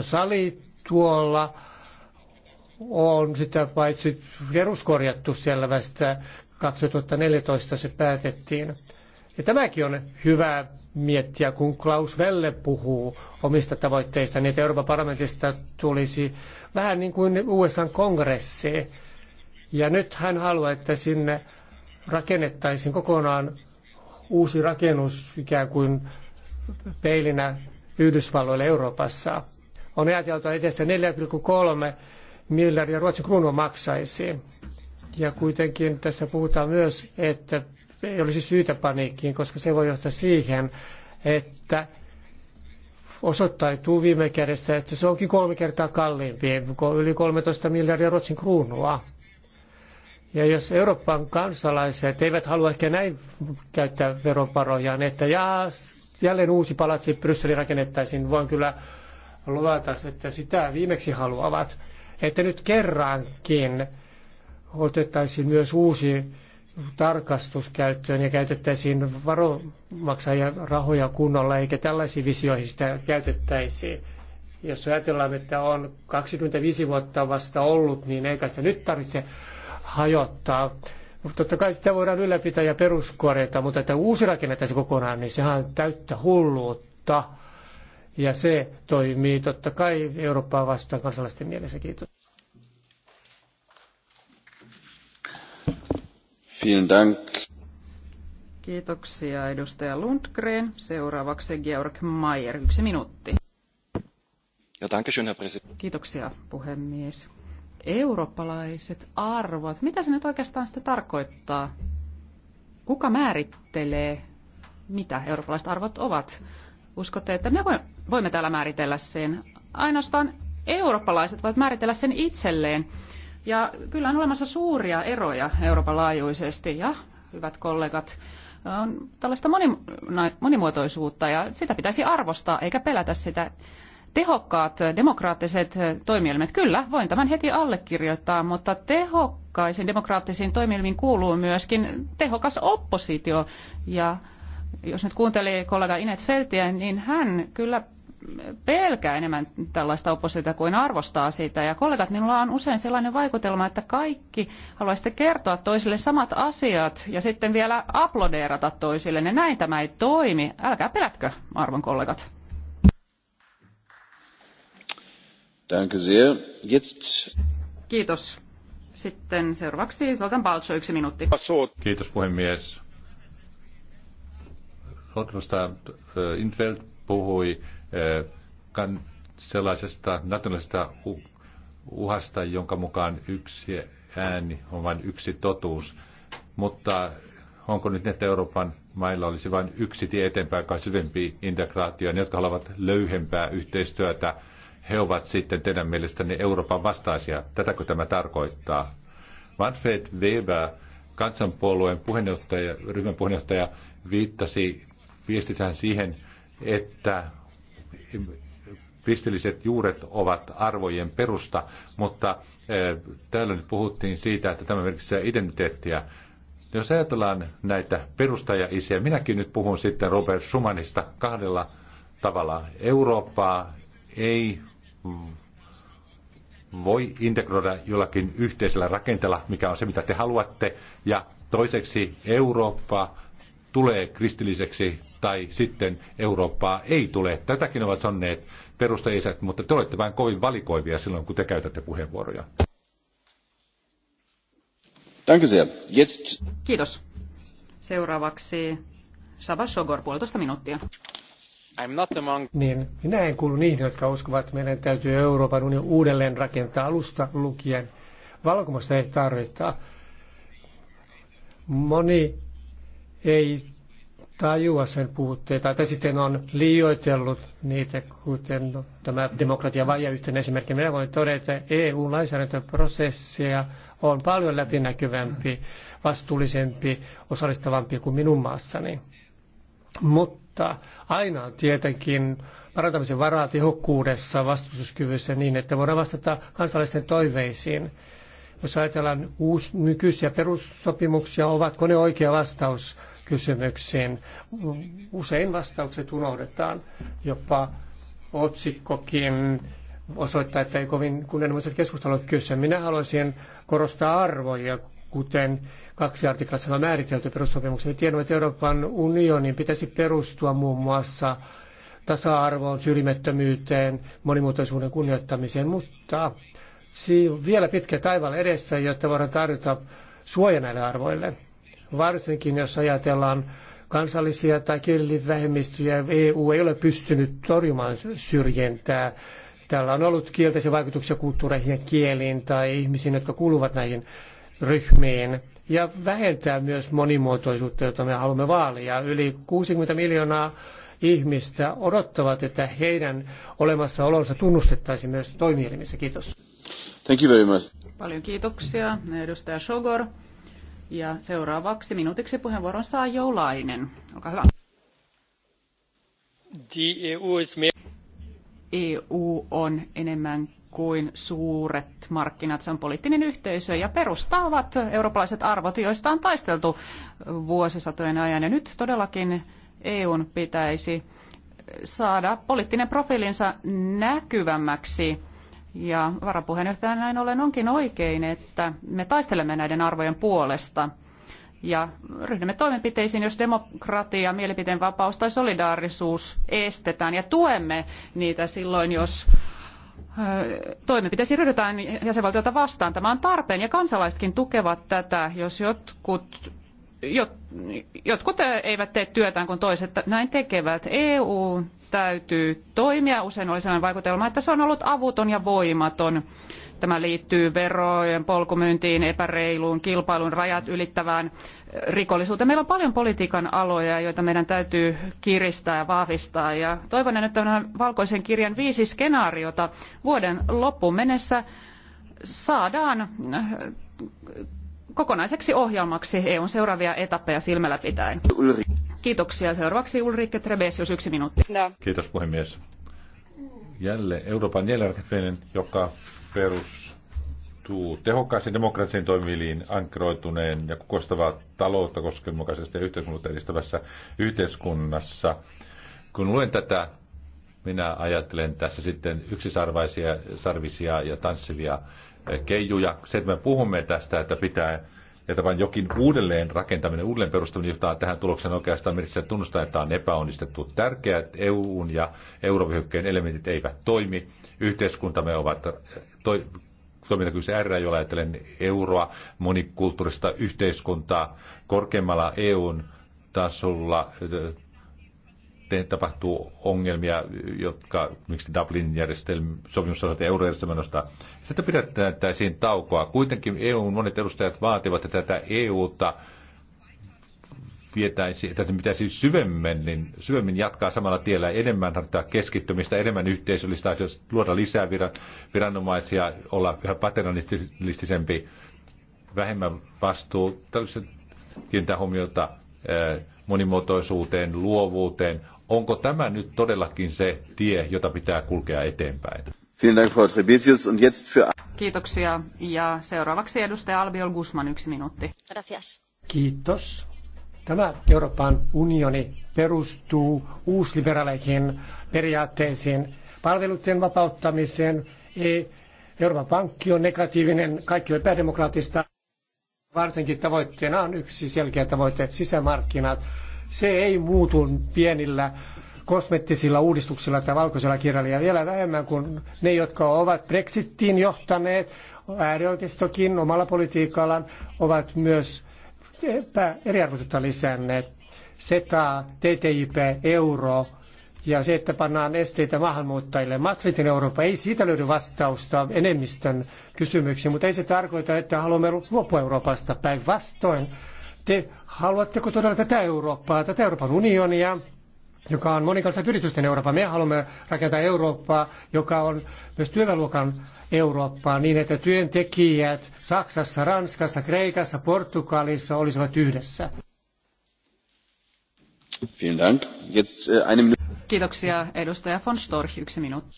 sali tuolla on sitä paitsi peruskorjattu selvästä 2014 se päätettiin. Ja tämäkin on hyvä miettiä, kun Klaus Velle puhuu omista tavoitteista, niin että Euroopan parlamentista tulisi vähän niin kuin USA-kongressi. Ja nyt hän haluaa, että sinne rakennettaisiin kokonaan uusi rakennus ikään kuin peilinä Yhdysvalloille Euroopassa. On ajateltu, että edessä 4,3 miljardia Ruotsin kruunua maksaisi. Ja kuitenkin tässä puhutaan myös, että ei olisi syytä paniikkiin, koska se voi johtaa siihen, että osoittautuu viime kädessä, että se onkin kolme kertaa kalliimpi, yli 13 miljardia Ruotsin kruunua. Ja jos Euroopan kansalaiset eivät halua ehkä näin käyttää veroparojaan, että jaa, jälleen uusi palatsi Brysseliin rakennettaisiin, voin kyllä luvata, että sitä viimeksi haluavat. Että nyt kerrankin otettaisiin myös uusi tarkastus käyttöön ja käytettäisiin varomaksajan rahoja kunnolla, eikä tällaisiin visioihin sitä käytettäisi. Jos ajatellaan, että on 25 vuotta vasta ollut, niin eikä sitä nyt tarvitse hajottaa. Totta kai sitä voidaan ylläpitää ja peruskorjata, mutta että uusi rakennettaisiin kokonaan, niin sehän on täyttä hulluutta. Ja se toimii totta kai Eurooppaa vastaan kansalaisten mielessä. Kiitos. Vielen Dank. Kiitoksia edustaja Lundgren. Seuraavaksi Georg Mayer, yksi minuutti. Ja schön, Herr Kiitoksia puhemies. Eurooppalaiset arvot, mitä se nyt oikeastaan sitä tarkoittaa? Kuka määrittelee, mitä eurooppalaiset arvot ovat? Uskotte, että me voimme täällä määritellä sen? Ainoastaan eurooppalaiset voivat määritellä sen itselleen. Ja kyllä on olemassa suuria eroja Euroopan laajuisesti ja hyvät kollegat, on tällaista monimuotoisuutta ja sitä pitäisi arvostaa eikä pelätä sitä. Tehokkaat demokraattiset toimielimet, kyllä, voin tämän heti allekirjoittaa, mutta tehokkaisiin demokraattisiin toimielimiin kuuluu myöskin tehokas oppositio. Ja jos nyt kuuntelee kollega Inet Feltiä, niin hän kyllä pelkää enemmän tällaista oppositiota kuin arvostaa sitä. Ja kollegat, minulla on usein sellainen vaikutelma, että kaikki haluaisitte kertoa toisille samat asiat ja sitten vielä aplodeerata toisille. näin tämä ei toimi. Älkää pelätkö, arvon kollegat. Danke sehr. Jetzt... Kiitos. Sitten seuraavaksi Soltan Balcho, yksi minuutti. Kiitos puhemies. Rotterdam Intveld puhui sellaisesta nationaalisesta uhasta, jonka mukaan yksi ääni on vain yksi totuus. Mutta onko nyt, niin, että Euroopan mailla olisi vain yksi tie eteenpäin, kai syvempi integraatio, ne, jotka haluavat löyhempää yhteistyötä, he ovat sitten teidän mielestänne Euroopan vastaisia. Tätäkö tämä tarkoittaa? Manfred Weber, kansanpuolueen puheenjohtaja, ryhmän puheenjohtaja, viittasi viestissään siihen, että kristilliset juuret ovat arvojen perusta, mutta eh, täällä nyt puhuttiin siitä, että tämä merkitsee identiteettiä. Jos ajatellaan näitä perustajaisiä, minäkin nyt puhun sitten Robert Schumannista kahdella tavalla. Eurooppaa ei voi integroida jollakin yhteisellä rakenteella, mikä on se, mitä te haluatte. Ja toiseksi Eurooppa tulee kristilliseksi tai sitten Eurooppaa ei tule. Tätäkin ovat sanoneet perustajaiset, mutta te olette vain kovin valikoivia silloin, kun te käytätte puheenvuoroja. Kiitos. Seuraavaksi Sava Sogor, puolitoista minuuttia. I'm not among... Niin, minä en kuulu niihin, jotka uskovat, että meidän täytyy Euroopan unionin uudelleen rakentaa alusta lukien. Valkomasta ei tarvita. Moni ei tajua sen puutteita, tai sitten on liioitellut niitä, kuten no, tämä demokratiavaje yhtenä esimerkkinä. Minä voin todeta, että EU-lainsäädäntöprosessia on paljon läpinäkyvämpi, vastuullisempi, osallistavampi kuin minun maassani. Mutta aina on tietenkin parantamisen varaa tehokkuudessa, vastustuskyvyssä niin, että voidaan vastata kansalaisten toiveisiin. Jos ajatellaan uusi, nykyisiä perussopimuksia, ovatko ne oikea vastaus – kysymyksiin. Usein vastaukset unohdetaan, jopa otsikkokin osoittaa, että ei kovin kunnianhimoiset keskustelut kyse. Minä haluaisin korostaa arvoja, kuten kaksi artiklassa on määritelty perussopimuksen. Me tiedämme, että Euroopan unionin pitäisi perustua muun muassa tasa-arvoon, syrjimättömyyteen, monimuotoisuuden kunnioittamiseen, mutta siinä on vielä pitkä taivaalla edessä, jotta voidaan tarjota suoja näille arvoille varsinkin jos ajatellaan kansallisia tai vähemmistöjä, EU ei ole pystynyt torjumaan syrjintää. Tällä on ollut kielteisiä vaikutuksia kulttuureihin ja kieliin tai ihmisiin, jotka kuuluvat näihin ryhmiin. Ja vähentää myös monimuotoisuutta, jota me haluamme vaalia. Yli 60 miljoonaa ihmistä odottavat, että heidän olemassaolonsa tunnustettaisiin myös toimielimissä. Kiitos. Thank you very much. Paljon kiitoksia, edustaja Sogor. Ja seuraavaksi minuutiksi puheenvuoron saa Joulainen. Olkaa hyvä. EU e e on enemmän kuin suuret markkinat. Se on poliittinen yhteisö ja perustaa ovat eurooppalaiset arvot, joista on taisteltu vuosisatojen ajan. Ja nyt todellakin EUn pitäisi saada poliittinen profiilinsa näkyvämmäksi ja varapuheenjohtaja näin ollen onkin oikein, että me taistelemme näiden arvojen puolesta ja ryhdymme toimenpiteisiin, jos demokratia, mielipiteenvapaus tai solidaarisuus estetään ja tuemme niitä silloin, jos toimenpiteisiin ryhdytään jäsenvaltiota vastaan. Tämä on tarpeen ja kansalaisetkin tukevat tätä, jos jotkut jotkut eivät tee työtään, kun toiset näin tekevät. EU täytyy toimia. Usein oli sellainen vaikutelma, että se on ollut avuton ja voimaton. Tämä liittyy verojen polkumyyntiin, epäreiluun, kilpailun rajat ylittävään eh, rikollisuuteen. Meillä on paljon politiikan aloja, joita meidän täytyy kiristää ja vahvistaa. Ja toivon, että tämän valkoisen kirjan viisi skenaariota vuoden loppuun mennessä saadaan eh, kokonaiseksi ohjelmaksi EUn seuraavia etappeja silmällä pitäen. Kiitoksia. Seuraavaksi Ulrike Trebesius, yksi minuutti. Kiitos puhemies. Jälleen Euroopan jälleenrakentaminen, joka perustuu tehokkaaseen demokratian toimiviin ankroituneen ja kukoistavaa taloutta koskemukaisesti ja yhteiskunnallisuutta edistävässä yhteiskunnassa. Kun luen tätä, minä ajattelen tässä sitten yksisarvaisia sarvisia ja tanssivia keijuja. Se, että me puhumme tästä, että pitää ja tämän jokin uudelleen rakentaminen, uudelleen perustaminen johtaa tähän tulokseen niin oikeastaan merkissä tunnustaa, että on epäonnistettu. Tärkeää, että EUn ja eurovyöhykkeen elementit eivät toimi. Yhteiskuntamme ovat toi, toimintakyvyssä R, jolla ajattelen euroa, monikulttuurista yhteiskuntaa korkeammalla EUn tasolla sitten tapahtuu ongelmia, jotka miksi Dublin järjestelmä, sopimus osalta ja eurojärjestelmän osalta, sitten pidettäisiin taukoa. Kuitenkin EUn monet edustajat vaativat, että tätä EUta vietäisi, että pitäisi syvemmin, niin syvemmin jatkaa samalla tiellä, enemmän keskittymistä, enemmän yhteisöllistä asioista, luoda lisää viranomaisia, olla yhä paternalistisempi, vähemmän vastuu, kiinnittää huomiota monimuotoisuuteen, luovuuteen, Onko tämä nyt todellakin se tie, jota pitää kulkea eteenpäin? Kiitoksia. Ja seuraavaksi edustaja Albiol Guzman, yksi minuutti. Kiitos. Tämä Euroopan unioni perustuu uusliberaaleihin periaatteisiin, palveluiden vapauttamiseen. E- Euroopan pankki on negatiivinen, kaikki on epädemokraattista. Varsinkin tavoitteena on yksi selkeä tavoite, sisämarkkinat se ei muutu pienillä kosmettisilla uudistuksilla tai valkoisella kirjalla ja vielä vähemmän kuin ne, jotka ovat Brexittiin johtaneet, äärioikeistokin omalla politiikallaan ovat myös eriarvoisuutta lisänneet. SETA, TTIP, euro ja se, että pannaan esteitä maahanmuuttajille. Maastrichtin Eurooppa ei siitä löydy vastausta enemmistön kysymyksiin, mutta ei se tarkoita, että haluamme luopua Euroopasta päinvastoin. Te haluatteko todella tätä Eurooppaa, tätä Euroopan unionia, joka on monikansallisten yritysten Eurooppa. Me haluamme rakentaa Eurooppaa, joka on myös työväluokan Eurooppaa niin, että työntekijät Saksassa, Ranskassa, Kreikassa, Portugalissa olisivat yhdessä. Äh, Kiitoksia edustaja von Storch, yksi minuutti.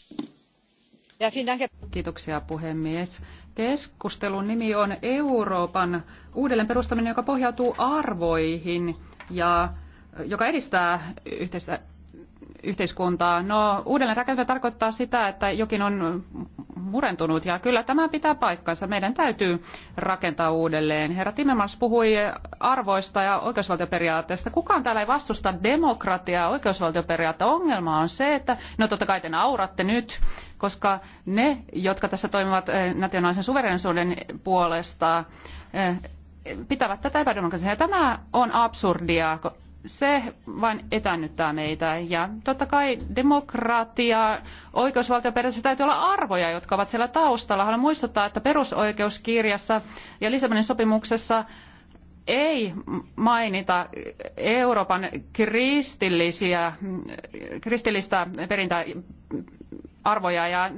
Kiitoksia puhemies keskustelun nimi on Euroopan uudelleen perustaminen, joka pohjautuu arvoihin ja joka edistää yhteistä yhteiskuntaa. No, uudelleen rakentaminen tarkoittaa sitä, että jokin on murentunut ja kyllä tämä pitää paikkansa. Meidän täytyy rakentaa uudelleen. Herra Timmermans puhui arvoista ja oikeusvaltioperiaatteesta. Kukaan täällä ei vastusta demokratiaa, oikeusvaltioperiaatteita. Ongelma on se, että no totta kai te nauratte nyt, koska ne, jotka tässä toimivat eh, nationaalisen suverenisuuden puolesta, eh, pitävät tätä epädemokraattisena. Tämä on absurdia, se vain etännyttää meitä. Ja totta kai demokratia, oikeusvaltioperiaatteessa täytyy olla arvoja, jotka ovat siellä taustalla. Haluan muistuttaa, että perusoikeuskirjassa ja Lissabonin sopimuksessa ei mainita Euroopan kristillisiä, kristillistä perintäarvoja ja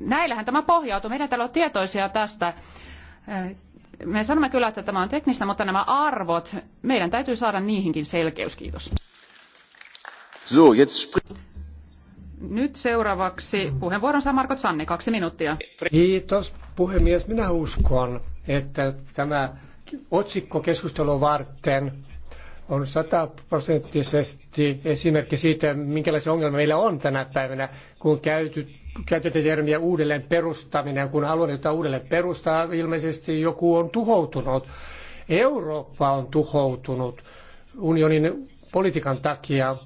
näillähän tämä pohjautuu. Meidän täällä on tietoisia tästä me sanomme kyllä, että tämä on teknistä, mutta nämä arvot, meidän täytyy saada niihinkin selkeys. Kiitos. So, jetzt nyt seuraavaksi puheenvuoron saa Marko Sanni, kaksi minuuttia. Kiitos puhemies. Minä uskon, että tämä otsikko keskustelua varten on sataprosenttisesti esimerkki siitä, minkälaisia ongelmia meillä on tänä päivänä, kun käyty käytätte termiä uudelleen perustaminen, kun alue, uudelleen perustaa, ilmeisesti joku on tuhoutunut. Eurooppa on tuhoutunut unionin politiikan takia.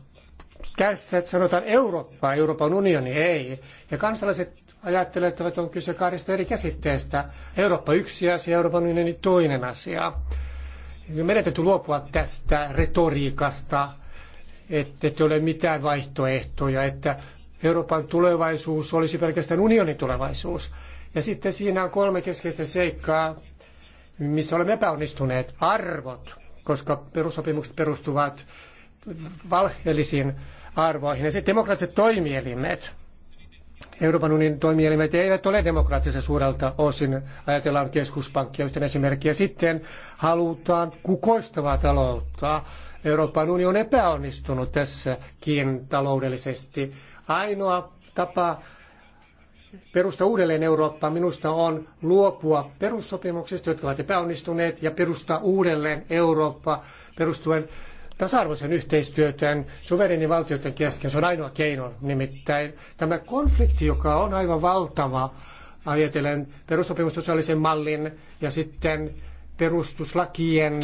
Tässä sanotaan Eurooppa, Euroopan unioni ei. Ja kansalaiset ajattelevat, että on kyse kahdesta eri käsitteestä. Eurooppa yksi asia, Euroopan unioni toinen asia. Meidän täytyy luopua tästä retoriikasta, että ei ole mitään vaihtoehtoja, että Euroopan tulevaisuus olisi pelkästään unionin tulevaisuus. Ja sitten siinä on kolme keskeistä seikkaa, missä olemme epäonnistuneet. Arvot, koska perussopimukset perustuvat valheellisiin arvoihin. Ja sitten demokraattiset toimielimet. Euroopan unionin toimielimet eivät ole demokraattisia suurelta osin. Ajatellaan keskuspankkia yhtenä esimerkkiä. Sitten halutaan kukoistavaa taloutta. Euroopan unioni on epäonnistunut tässäkin taloudellisesti. Ainoa tapa perusta uudelleen Eurooppaa minusta on luopua perussopimuksista, jotka ovat epäonnistuneet, ja perustaa uudelleen Eurooppa perustuen tasa-arvoisen yhteistyötön suverenin valtioiden kesken. Se on ainoa keino nimittäin. Tämä konflikti, joka on aivan valtava, ajatellen sosiaalisen mallin ja sitten perustuslakien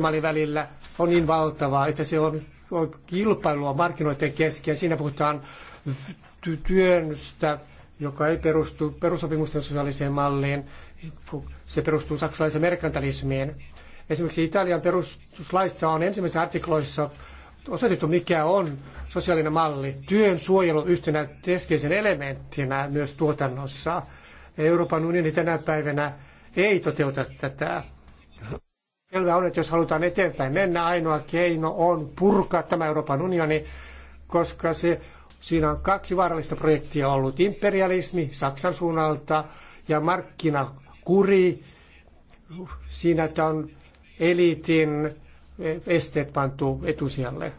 mallin välillä, on niin valtava, että se on kilpailua markkinoiden kesken. Siinä puhutaan työnstä, joka ei perustu perusopimusten sosiaaliseen malliin, se perustuu saksalaiseen merkantalismiin. Esimerkiksi Italian perustuslaissa on ensimmäisissä artikloissa osoitettu, mikä on sosiaalinen malli. Työn suojelu yhtenä keskeisen elementtinä myös tuotannossa. Euroopan unioni tänä päivänä ei toteuta tätä. Selvä on, että jos halutaan eteenpäin mennä, ainoa keino on purkaa tämä Euroopan unioni, koska se, siinä on kaksi vaarallista projektia ollut. Imperialismi Saksan suunnalta ja markkinakuri. Siinä, että on eliitin esteet pantu etusijalle.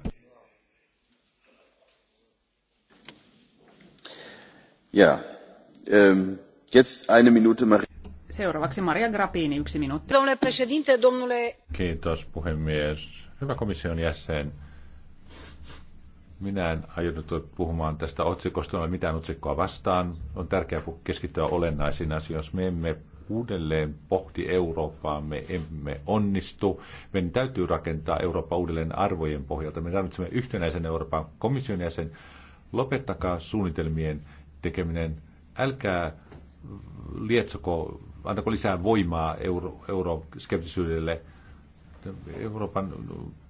Ja, ähm, jetzt eine Minute, Marie. Seuraavaksi Maria Grappini, yksi minuutti. Domnule președinte, domnule... Kiitos puhemies. Hyvä komission jäsen. Minä en aionnut puhumaan tästä otsikosta, ole mitään otsikkoa vastaan. On tärkeää keskittyä olennaisiin asioihin. Jos me emme uudelleen pohti Eurooppaa, me emme onnistu. Meidän täytyy rakentaa Eurooppa uudelleen arvojen pohjalta. Me tarvitsemme yhtenäisen Euroopan komission jäsen. Lopettakaa suunnitelmien tekeminen. Älkää lietsoko antako lisää voimaa euro, euroskeptisyydelle. Euroopan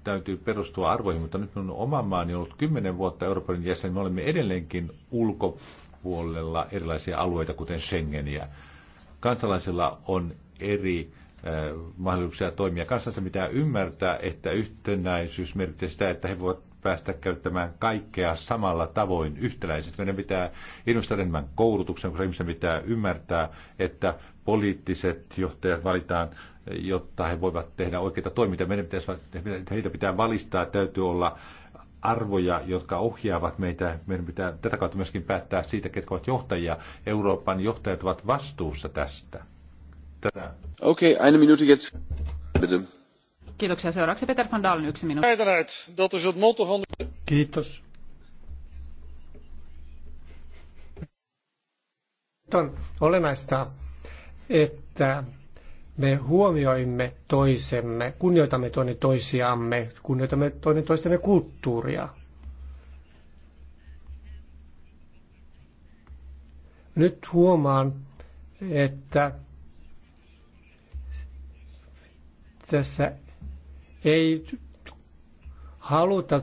täytyy perustua arvoihin, mutta nyt minun oma maani on ollut kymmenen vuotta Euroopan jäsen. Me olemme edelleenkin ulkopuolella erilaisia alueita, kuten Schengeniä. Kansalaisilla on eri äh, mahdollisuuksia toimia. Kansansa pitää ymmärtää, että yhtenäisyys merkitsee sitä, että he voivat päästä käyttämään kaikkea samalla tavoin yhtäläisesti. Meidän pitää innostaa enemmän koulutuksen, koska ihmisten pitää ymmärtää, että poliittiset johtajat valitaan, jotta he voivat tehdä oikeita toimintaa. Meidän pitäisi, heitä pitää valistaa, täytyy olla arvoja, jotka ohjaavat meitä. Meidän pitää tätä kautta myöskin päättää siitä, ketkä ovat johtajia. Euroopan johtajat ovat vastuussa tästä. Okei, okay, eine Minute jetzt. Bitte. Kiitoksia. Seuraavaksi Peter van Dalen yksi minuutti. Kiitos. on olennaista, että me huomioimme toisemme, kunnioitamme toinen toisiamme, kunnioitamme toinen toistemme kulttuuria. Nyt huomaan, että tässä ei haluta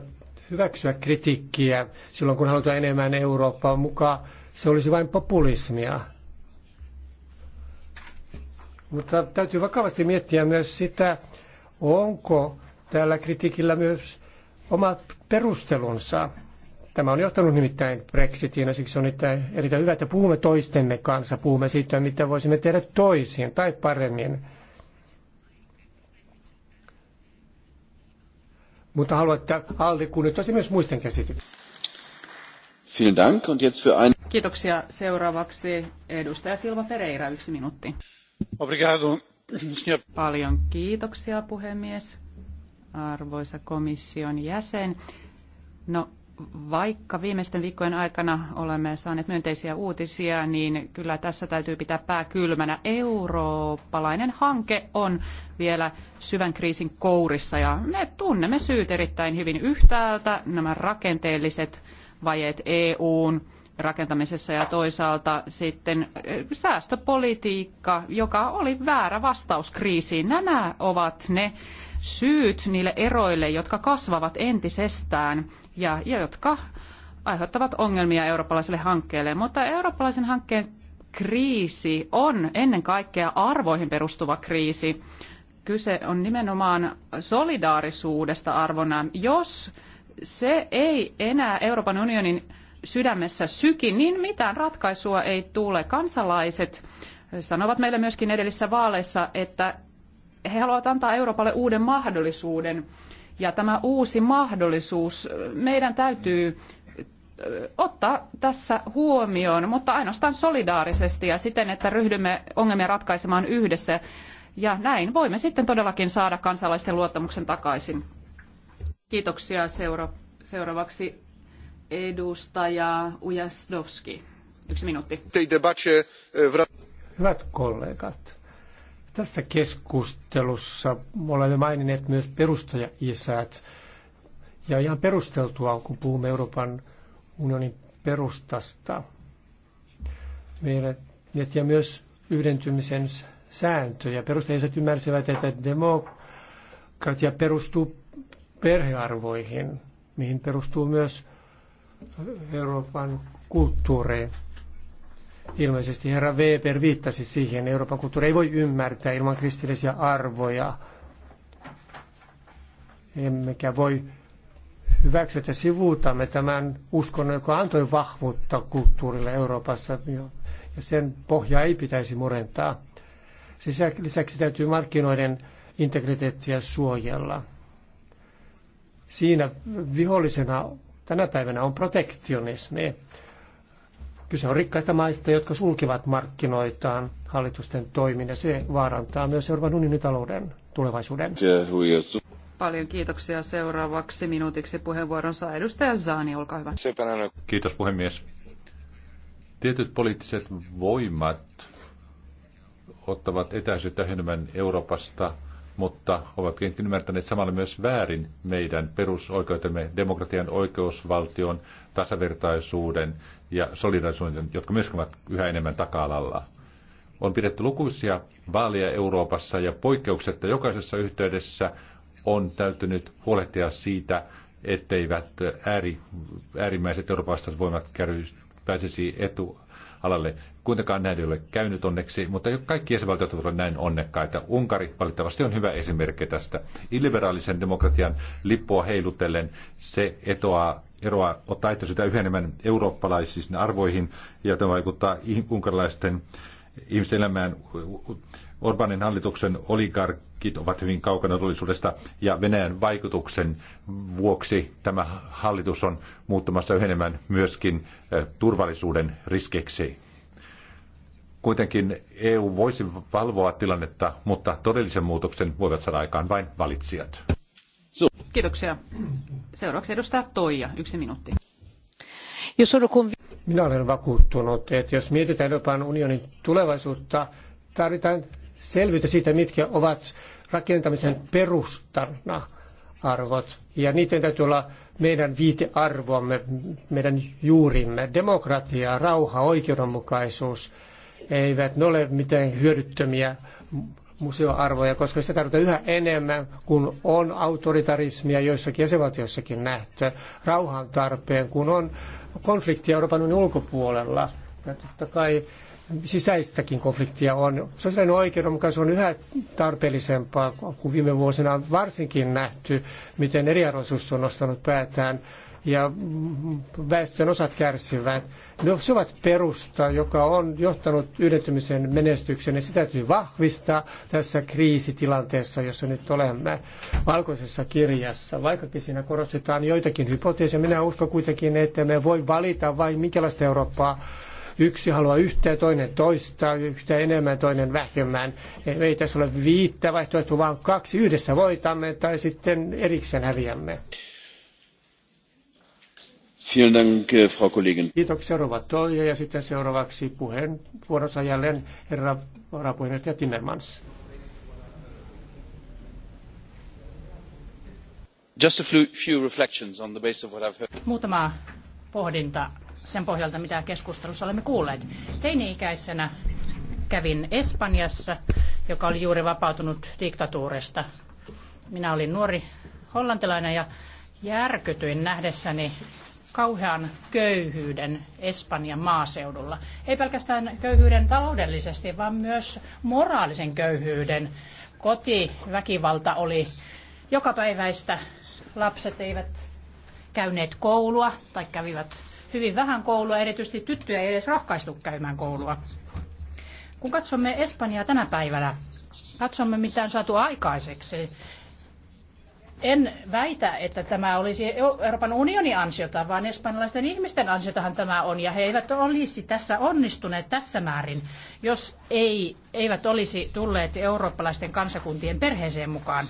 hyväksyä kritiikkiä silloin, kun halutaan enemmän Eurooppaa mukaan. Se olisi vain populismia. Mutta täytyy vakavasti miettiä myös sitä, onko tällä kritiikillä myös omat perustelunsa. Tämä on johtanut nimittäin Brexitiin ja siksi on erittäin hyvä, että puhumme toistemme kanssa, puhumme siitä, mitä voisimme tehdä toisin tai paremmin. Mutta haluan, että Aldi kunnioittaisi myös muisten käsitykset. Kiitoksia. Seuraavaksi edustaja Silva Pereira, yksi minuutti. Obrigado. Paljon kiitoksia, puhemies. Arvoisa komission jäsen. No, vaikka viimeisten viikkojen aikana olemme saaneet myönteisiä uutisia, niin kyllä tässä täytyy pitää pää kylmänä. Eurooppalainen hanke on vielä syvän kriisin kourissa ja me tunnemme syyt erittäin hyvin yhtäältä nämä rakenteelliset vajeet EUn rakentamisessa ja toisaalta sitten eh, säästöpolitiikka, joka oli väärä vastaus kriisiin. Nämä ovat ne syyt niille eroille, jotka kasvavat entisestään ja, ja jotka aiheuttavat ongelmia eurooppalaiselle hankkeelle. Mutta eurooppalaisen hankkeen kriisi on ennen kaikkea arvoihin perustuva kriisi. Kyse on nimenomaan solidaarisuudesta arvona. Jos se ei enää Euroopan unionin sydämessä syki, niin mitään ratkaisua ei tule. Kansalaiset sanovat meille myöskin edellisissä vaaleissa, että he haluavat antaa Euroopalle uuden mahdollisuuden. Ja tämä uusi mahdollisuus, meidän täytyy ottaa tässä huomioon, mutta ainoastaan solidaarisesti ja siten, että ryhdymme ongelmia ratkaisemaan yhdessä. Ja näin voimme sitten todellakin saada kansalaisten luottamuksen takaisin. Kiitoksia seura- seuraavaksi Edustaja Ujasdowski. Yksi minuutti. E, Hyvät kollegat, tässä keskustelussa me olemme maininneet myös perustaja-isät. Ja ihan perusteltua on, kun puhumme Euroopan unionin perustasta. Meillä miettiä myös yhdentymisen sääntöjä. Perustajaiset ymmärsivät, että demokratia perustuu perhearvoihin, mihin perustuu myös Euroopan kulttuureen. Ilmeisesti herra Weber viittasi siihen, Euroopan kulttuuri ei voi ymmärtää ilman kristillisiä arvoja. Emmekä voi hyväksyä, että sivuutamme tämän uskonnon, joka antoi vahvuutta kulttuurille Euroopassa, ja sen pohja ei pitäisi murentaa. Lisäksi täytyy markkinoiden integriteettiä suojella. Siinä vihollisena tänä päivänä on protektionismi. Kyse on rikkaista maista, jotka sulkivat markkinoitaan hallitusten toimin, ja se vaarantaa myös Euroopan unionin talouden tulevaisuuden. Paljon kiitoksia. Seuraavaksi minuutiksi puheenvuoron saa edustaja Zani, olkaa hyvä. Kiitos puhemies. Tietyt poliittiset voimat ottavat etäisyyttä enemmän Euroopasta mutta ovat kuitenkin ymmärtäneet samalla myös väärin meidän perusoikeutemme, demokratian, oikeusvaltion, tasavertaisuuden ja solidarisuuden, jotka myös ovat yhä enemmän taka-alalla. On pidetty lukuisia vaaleja Euroopassa ja poikkeuksetta jokaisessa yhteydessä on täytynyt huolehtia siitä, etteivät ääri, äärimmäiset eurooppalaiset voimat käry, pääsisi etu, alalle. Kuitenkaan näin ei ole käynyt onneksi, mutta kaikki jäsenvaltiot ovat näin onnekkaita. Unkari valitettavasti on hyvä esimerkki tästä. Illiberaalisen demokratian lippua heilutellen se etoaa eroa ottaa itse sitä yhä enemmän eurooppalaisiin arvoihin ja tämä vaikuttaa unkarilaisten ihmisten elämään Orbanin hallituksen oligarkit ovat hyvin kaukana todellisuudesta ja Venäjän vaikutuksen vuoksi tämä hallitus on muuttumassa yhä myöskin eh, turvallisuuden riskeksi. Kuitenkin EU voisi valvoa tilannetta, mutta todellisen muutoksen voivat saada aikaan vain valitsijat. Kiitoksia. Seuraavaksi edustaa Toija, yksi minuutti. Minä olen vakuuttunut, että jos mietitään Euroopan unionin tulevaisuutta, tarvitaan selvyyttä siitä, mitkä ovat rakentamisen perustana arvot. Ja niiden täytyy olla meidän viitearvomme, meidän juurimme. Demokratia, rauha, oikeudenmukaisuus eivät ne ole mitään hyödyttömiä museoarvoja, koska sitä tarvitaan yhä enemmän, kun on autoritarismia joissakin jäsenvaltioissakin nähty. Rauhan tarpeen, kun on konfliktia Euroopan unionin ulkopuolella. Ja totta kai sisäistäkin konfliktia on. Sosiaalinen oikeudenmukaisuus on yhä tarpeellisempaa kuin viime vuosina on varsinkin nähty, miten eriarvoisuus on nostanut päätään ja väestön osat kärsivät. No, se ovat perusta, joka on johtanut yhdentymisen menestykseen ja sitä täytyy vahvistaa tässä kriisitilanteessa, jossa nyt olemme valkoisessa kirjassa. Vaikkakin siinä korostetaan joitakin hypoteeseja, minä uskon kuitenkin, että me voi valita vain minkälaista Eurooppaa yksi haluaa yhtä ja toinen toista, yhtä enemmän, toinen vähemmän. Ei tässä ole viittä vaihtoehtoa, vaan kaksi. Yhdessä voitamme tai sitten erikseen häviämme. Vielen äh, Frau Kollegin. Kiitoksia, Rova Toija. Ja sitten seuraavaksi puheenvuorossa jälleen herra varapuheenjohtaja Timmermans. Just a few reflections on the basis of what I've heard. Muutama pohdinta sen pohjalta, mitä keskustelussa olemme kuulleet. Teini-ikäisenä kävin Espanjassa, joka oli juuri vapautunut diktatuurista. Minä olin nuori hollantilainen ja järkytyin nähdessäni kauhean köyhyyden Espanjan maaseudulla. Ei pelkästään köyhyyden taloudellisesti, vaan myös moraalisen köyhyyden. Kotiväkivalta oli joka päiväistä. Lapset eivät käyneet koulua tai kävivät hyvin vähän koulua, erityisesti tyttöjä ei edes rohkaistu käymään koulua. Kun katsomme Espanjaa tänä päivänä, katsomme mitä on saatu aikaiseksi. En väitä, että tämä olisi Euroopan unionin ansiota, vaan espanjalaisten ihmisten ansiotahan tämä on, ja he eivät olisi tässä onnistuneet tässä määrin, jos ei, eivät olisi tulleet eurooppalaisten kansakuntien perheeseen mukaan.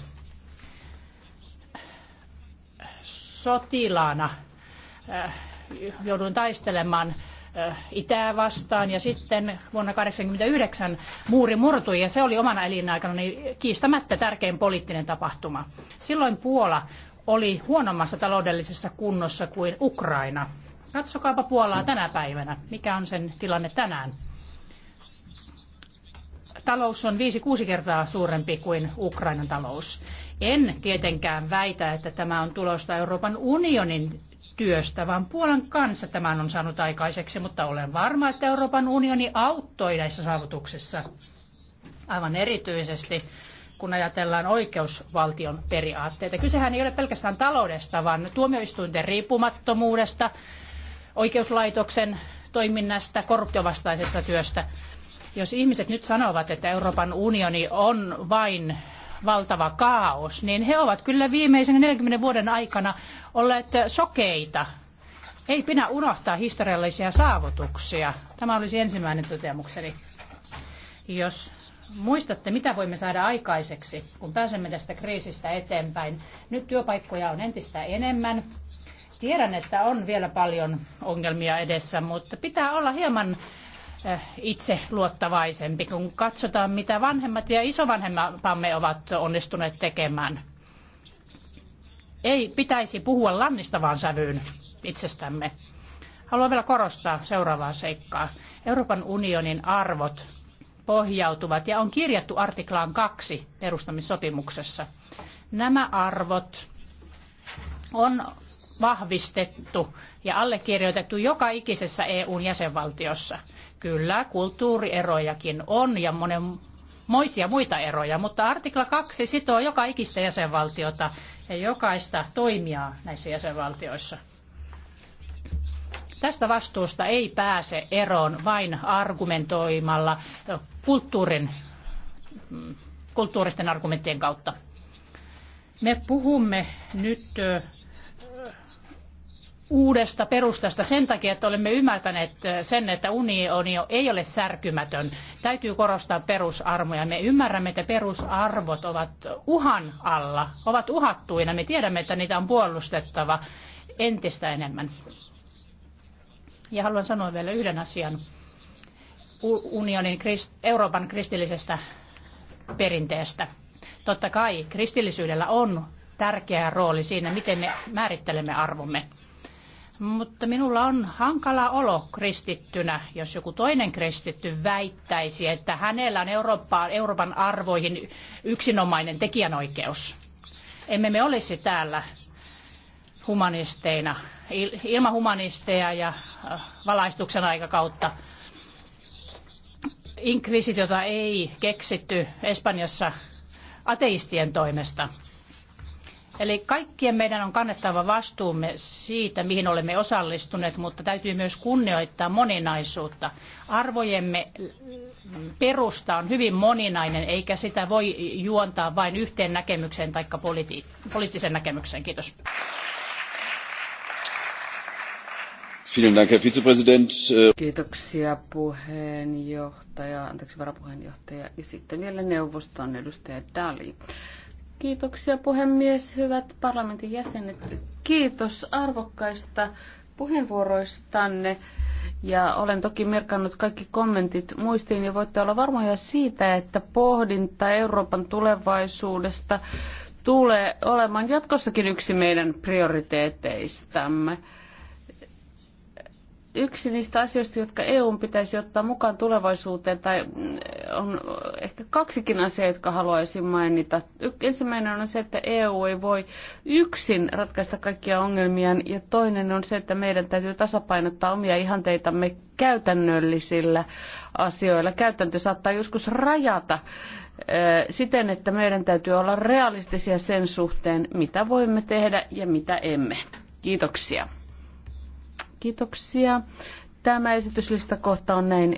sotilaana äh, jouduin taistelemaan itää vastaan ja sitten vuonna 1989 muuri murtui ja se oli omana elinaikana niin kiistämättä tärkein poliittinen tapahtuma. Silloin Puola oli huonommassa taloudellisessa kunnossa kuin Ukraina. Katsokaapa Puolaa tänä päivänä. Mikä on sen tilanne tänään? Talous on 5-6 kertaa suurempi kuin Ukrainan talous. En tietenkään väitä, että tämä on tulosta Euroopan unionin työstä, vaan Puolan kanssa tämän on saanut aikaiseksi, mutta olen varma, että Euroopan unioni auttoi näissä saavutuksissa aivan erityisesti kun ajatellaan oikeusvaltion periaatteita. Kysehän ei ole pelkästään taloudesta, vaan tuomioistuinten riippumattomuudesta, oikeuslaitoksen toiminnasta, korruptiovastaisesta työstä. Jos ihmiset nyt sanovat, että Euroopan unioni on vain valtava kaos, niin he ovat kyllä viimeisen 40 vuoden aikana olleet sokeita. Ei pidä unohtaa historiallisia saavutuksia. Tämä olisi ensimmäinen toteamukseni. Jos muistatte, mitä voimme saada aikaiseksi, kun pääsemme tästä kriisistä eteenpäin. Nyt työpaikkoja on entistä enemmän. Tiedän, että on vielä paljon ongelmia edessä, mutta pitää olla hieman Eh, itse luottavaisempi, kun katsotaan, mitä vanhemmat ja isovanhempamme ovat onnistuneet tekemään. Ei pitäisi puhua lannistavaan sävyyn itsestämme. Haluan vielä korostaa seuraavaa seikkaa. Euroopan unionin arvot pohjautuvat ja on kirjattu artiklaan kaksi perustamissopimuksessa. Nämä arvot on vahvistettu ja allekirjoitettu joka ikisessä EUn jäsenvaltiossa – Kyllä, kulttuurierojakin on ja monen moisia muita eroja, mutta artikla 2 sitoo joka ikistä jäsenvaltiota ja jokaista toimijaa näissä jäsenvaltioissa. Tästä vastuusta ei pääse eroon vain argumentoimalla kulttuurin, mm, kulttuuristen argumenttien kautta. Me puhumme nyt uudesta perustasta sen takia, että olemme ymmärtäneet sen, että unionio ei ole särkymätön. Täytyy korostaa perusarvoja. Me ymmärrämme, että perusarvot ovat uhan alla, ovat uhattuina. Me tiedämme, että niitä on puolustettava entistä enemmän. Ja haluan sanoa vielä yhden asian unionin Euroopan kristillisestä perinteestä. Totta kai kristillisyydellä on tärkeä rooli siinä, miten me määrittelemme arvomme. Mutta minulla on hankala olo kristittynä, jos joku toinen kristitty väittäisi, että hänellä on Euroopan, Euroopan arvoihin yksinomainen tekijänoikeus. Emme me olisi täällä humanisteina, ilman humanisteja ja äh, valaistuksen aikakautta. Inkvisitiota ei keksitty Espanjassa ateistien toimesta. Eli kaikkien meidän on kannettava vastuumme siitä, mihin olemme osallistuneet, mutta täytyy myös kunnioittaa moninaisuutta. Arvojemme perusta on hyvin moninainen, eikä sitä voi juontaa vain yhteen näkemykseen tai politi- poliittiseen näkemykseen. Kiitos. Kiitoksia puheenjohtaja, anteeksi varapuheenjohtaja ja sitten vielä neuvoston edustaja Dali. Kiitoksia puhemies, hyvät parlamentin jäsenet. Kiitos arvokkaista puheenvuoroistanne ja olen toki merkannut kaikki kommentit muistiin ja voitte olla varmoja siitä, että pohdinta Euroopan tulevaisuudesta tulee olemaan jatkossakin yksi meidän prioriteeteistamme yksi niistä asioista, jotka EUn pitäisi ottaa mukaan tulevaisuuteen, tai mm, on ehkä kaksikin asiaa, jotka haluaisin mainita. Ensimmäinen on se, että EU ei voi yksin ratkaista kaikkia ongelmia, ja toinen on se, että meidän täytyy tasapainottaa omia ihanteitamme käytännöllisillä asioilla. Käytäntö saattaa joskus rajata siten, että meidän täytyy olla realistisia sen suhteen, mitä voimme tehdä ja mitä emme. Kiitoksia. Kiitoksia. Tämä esityslistakohta on näin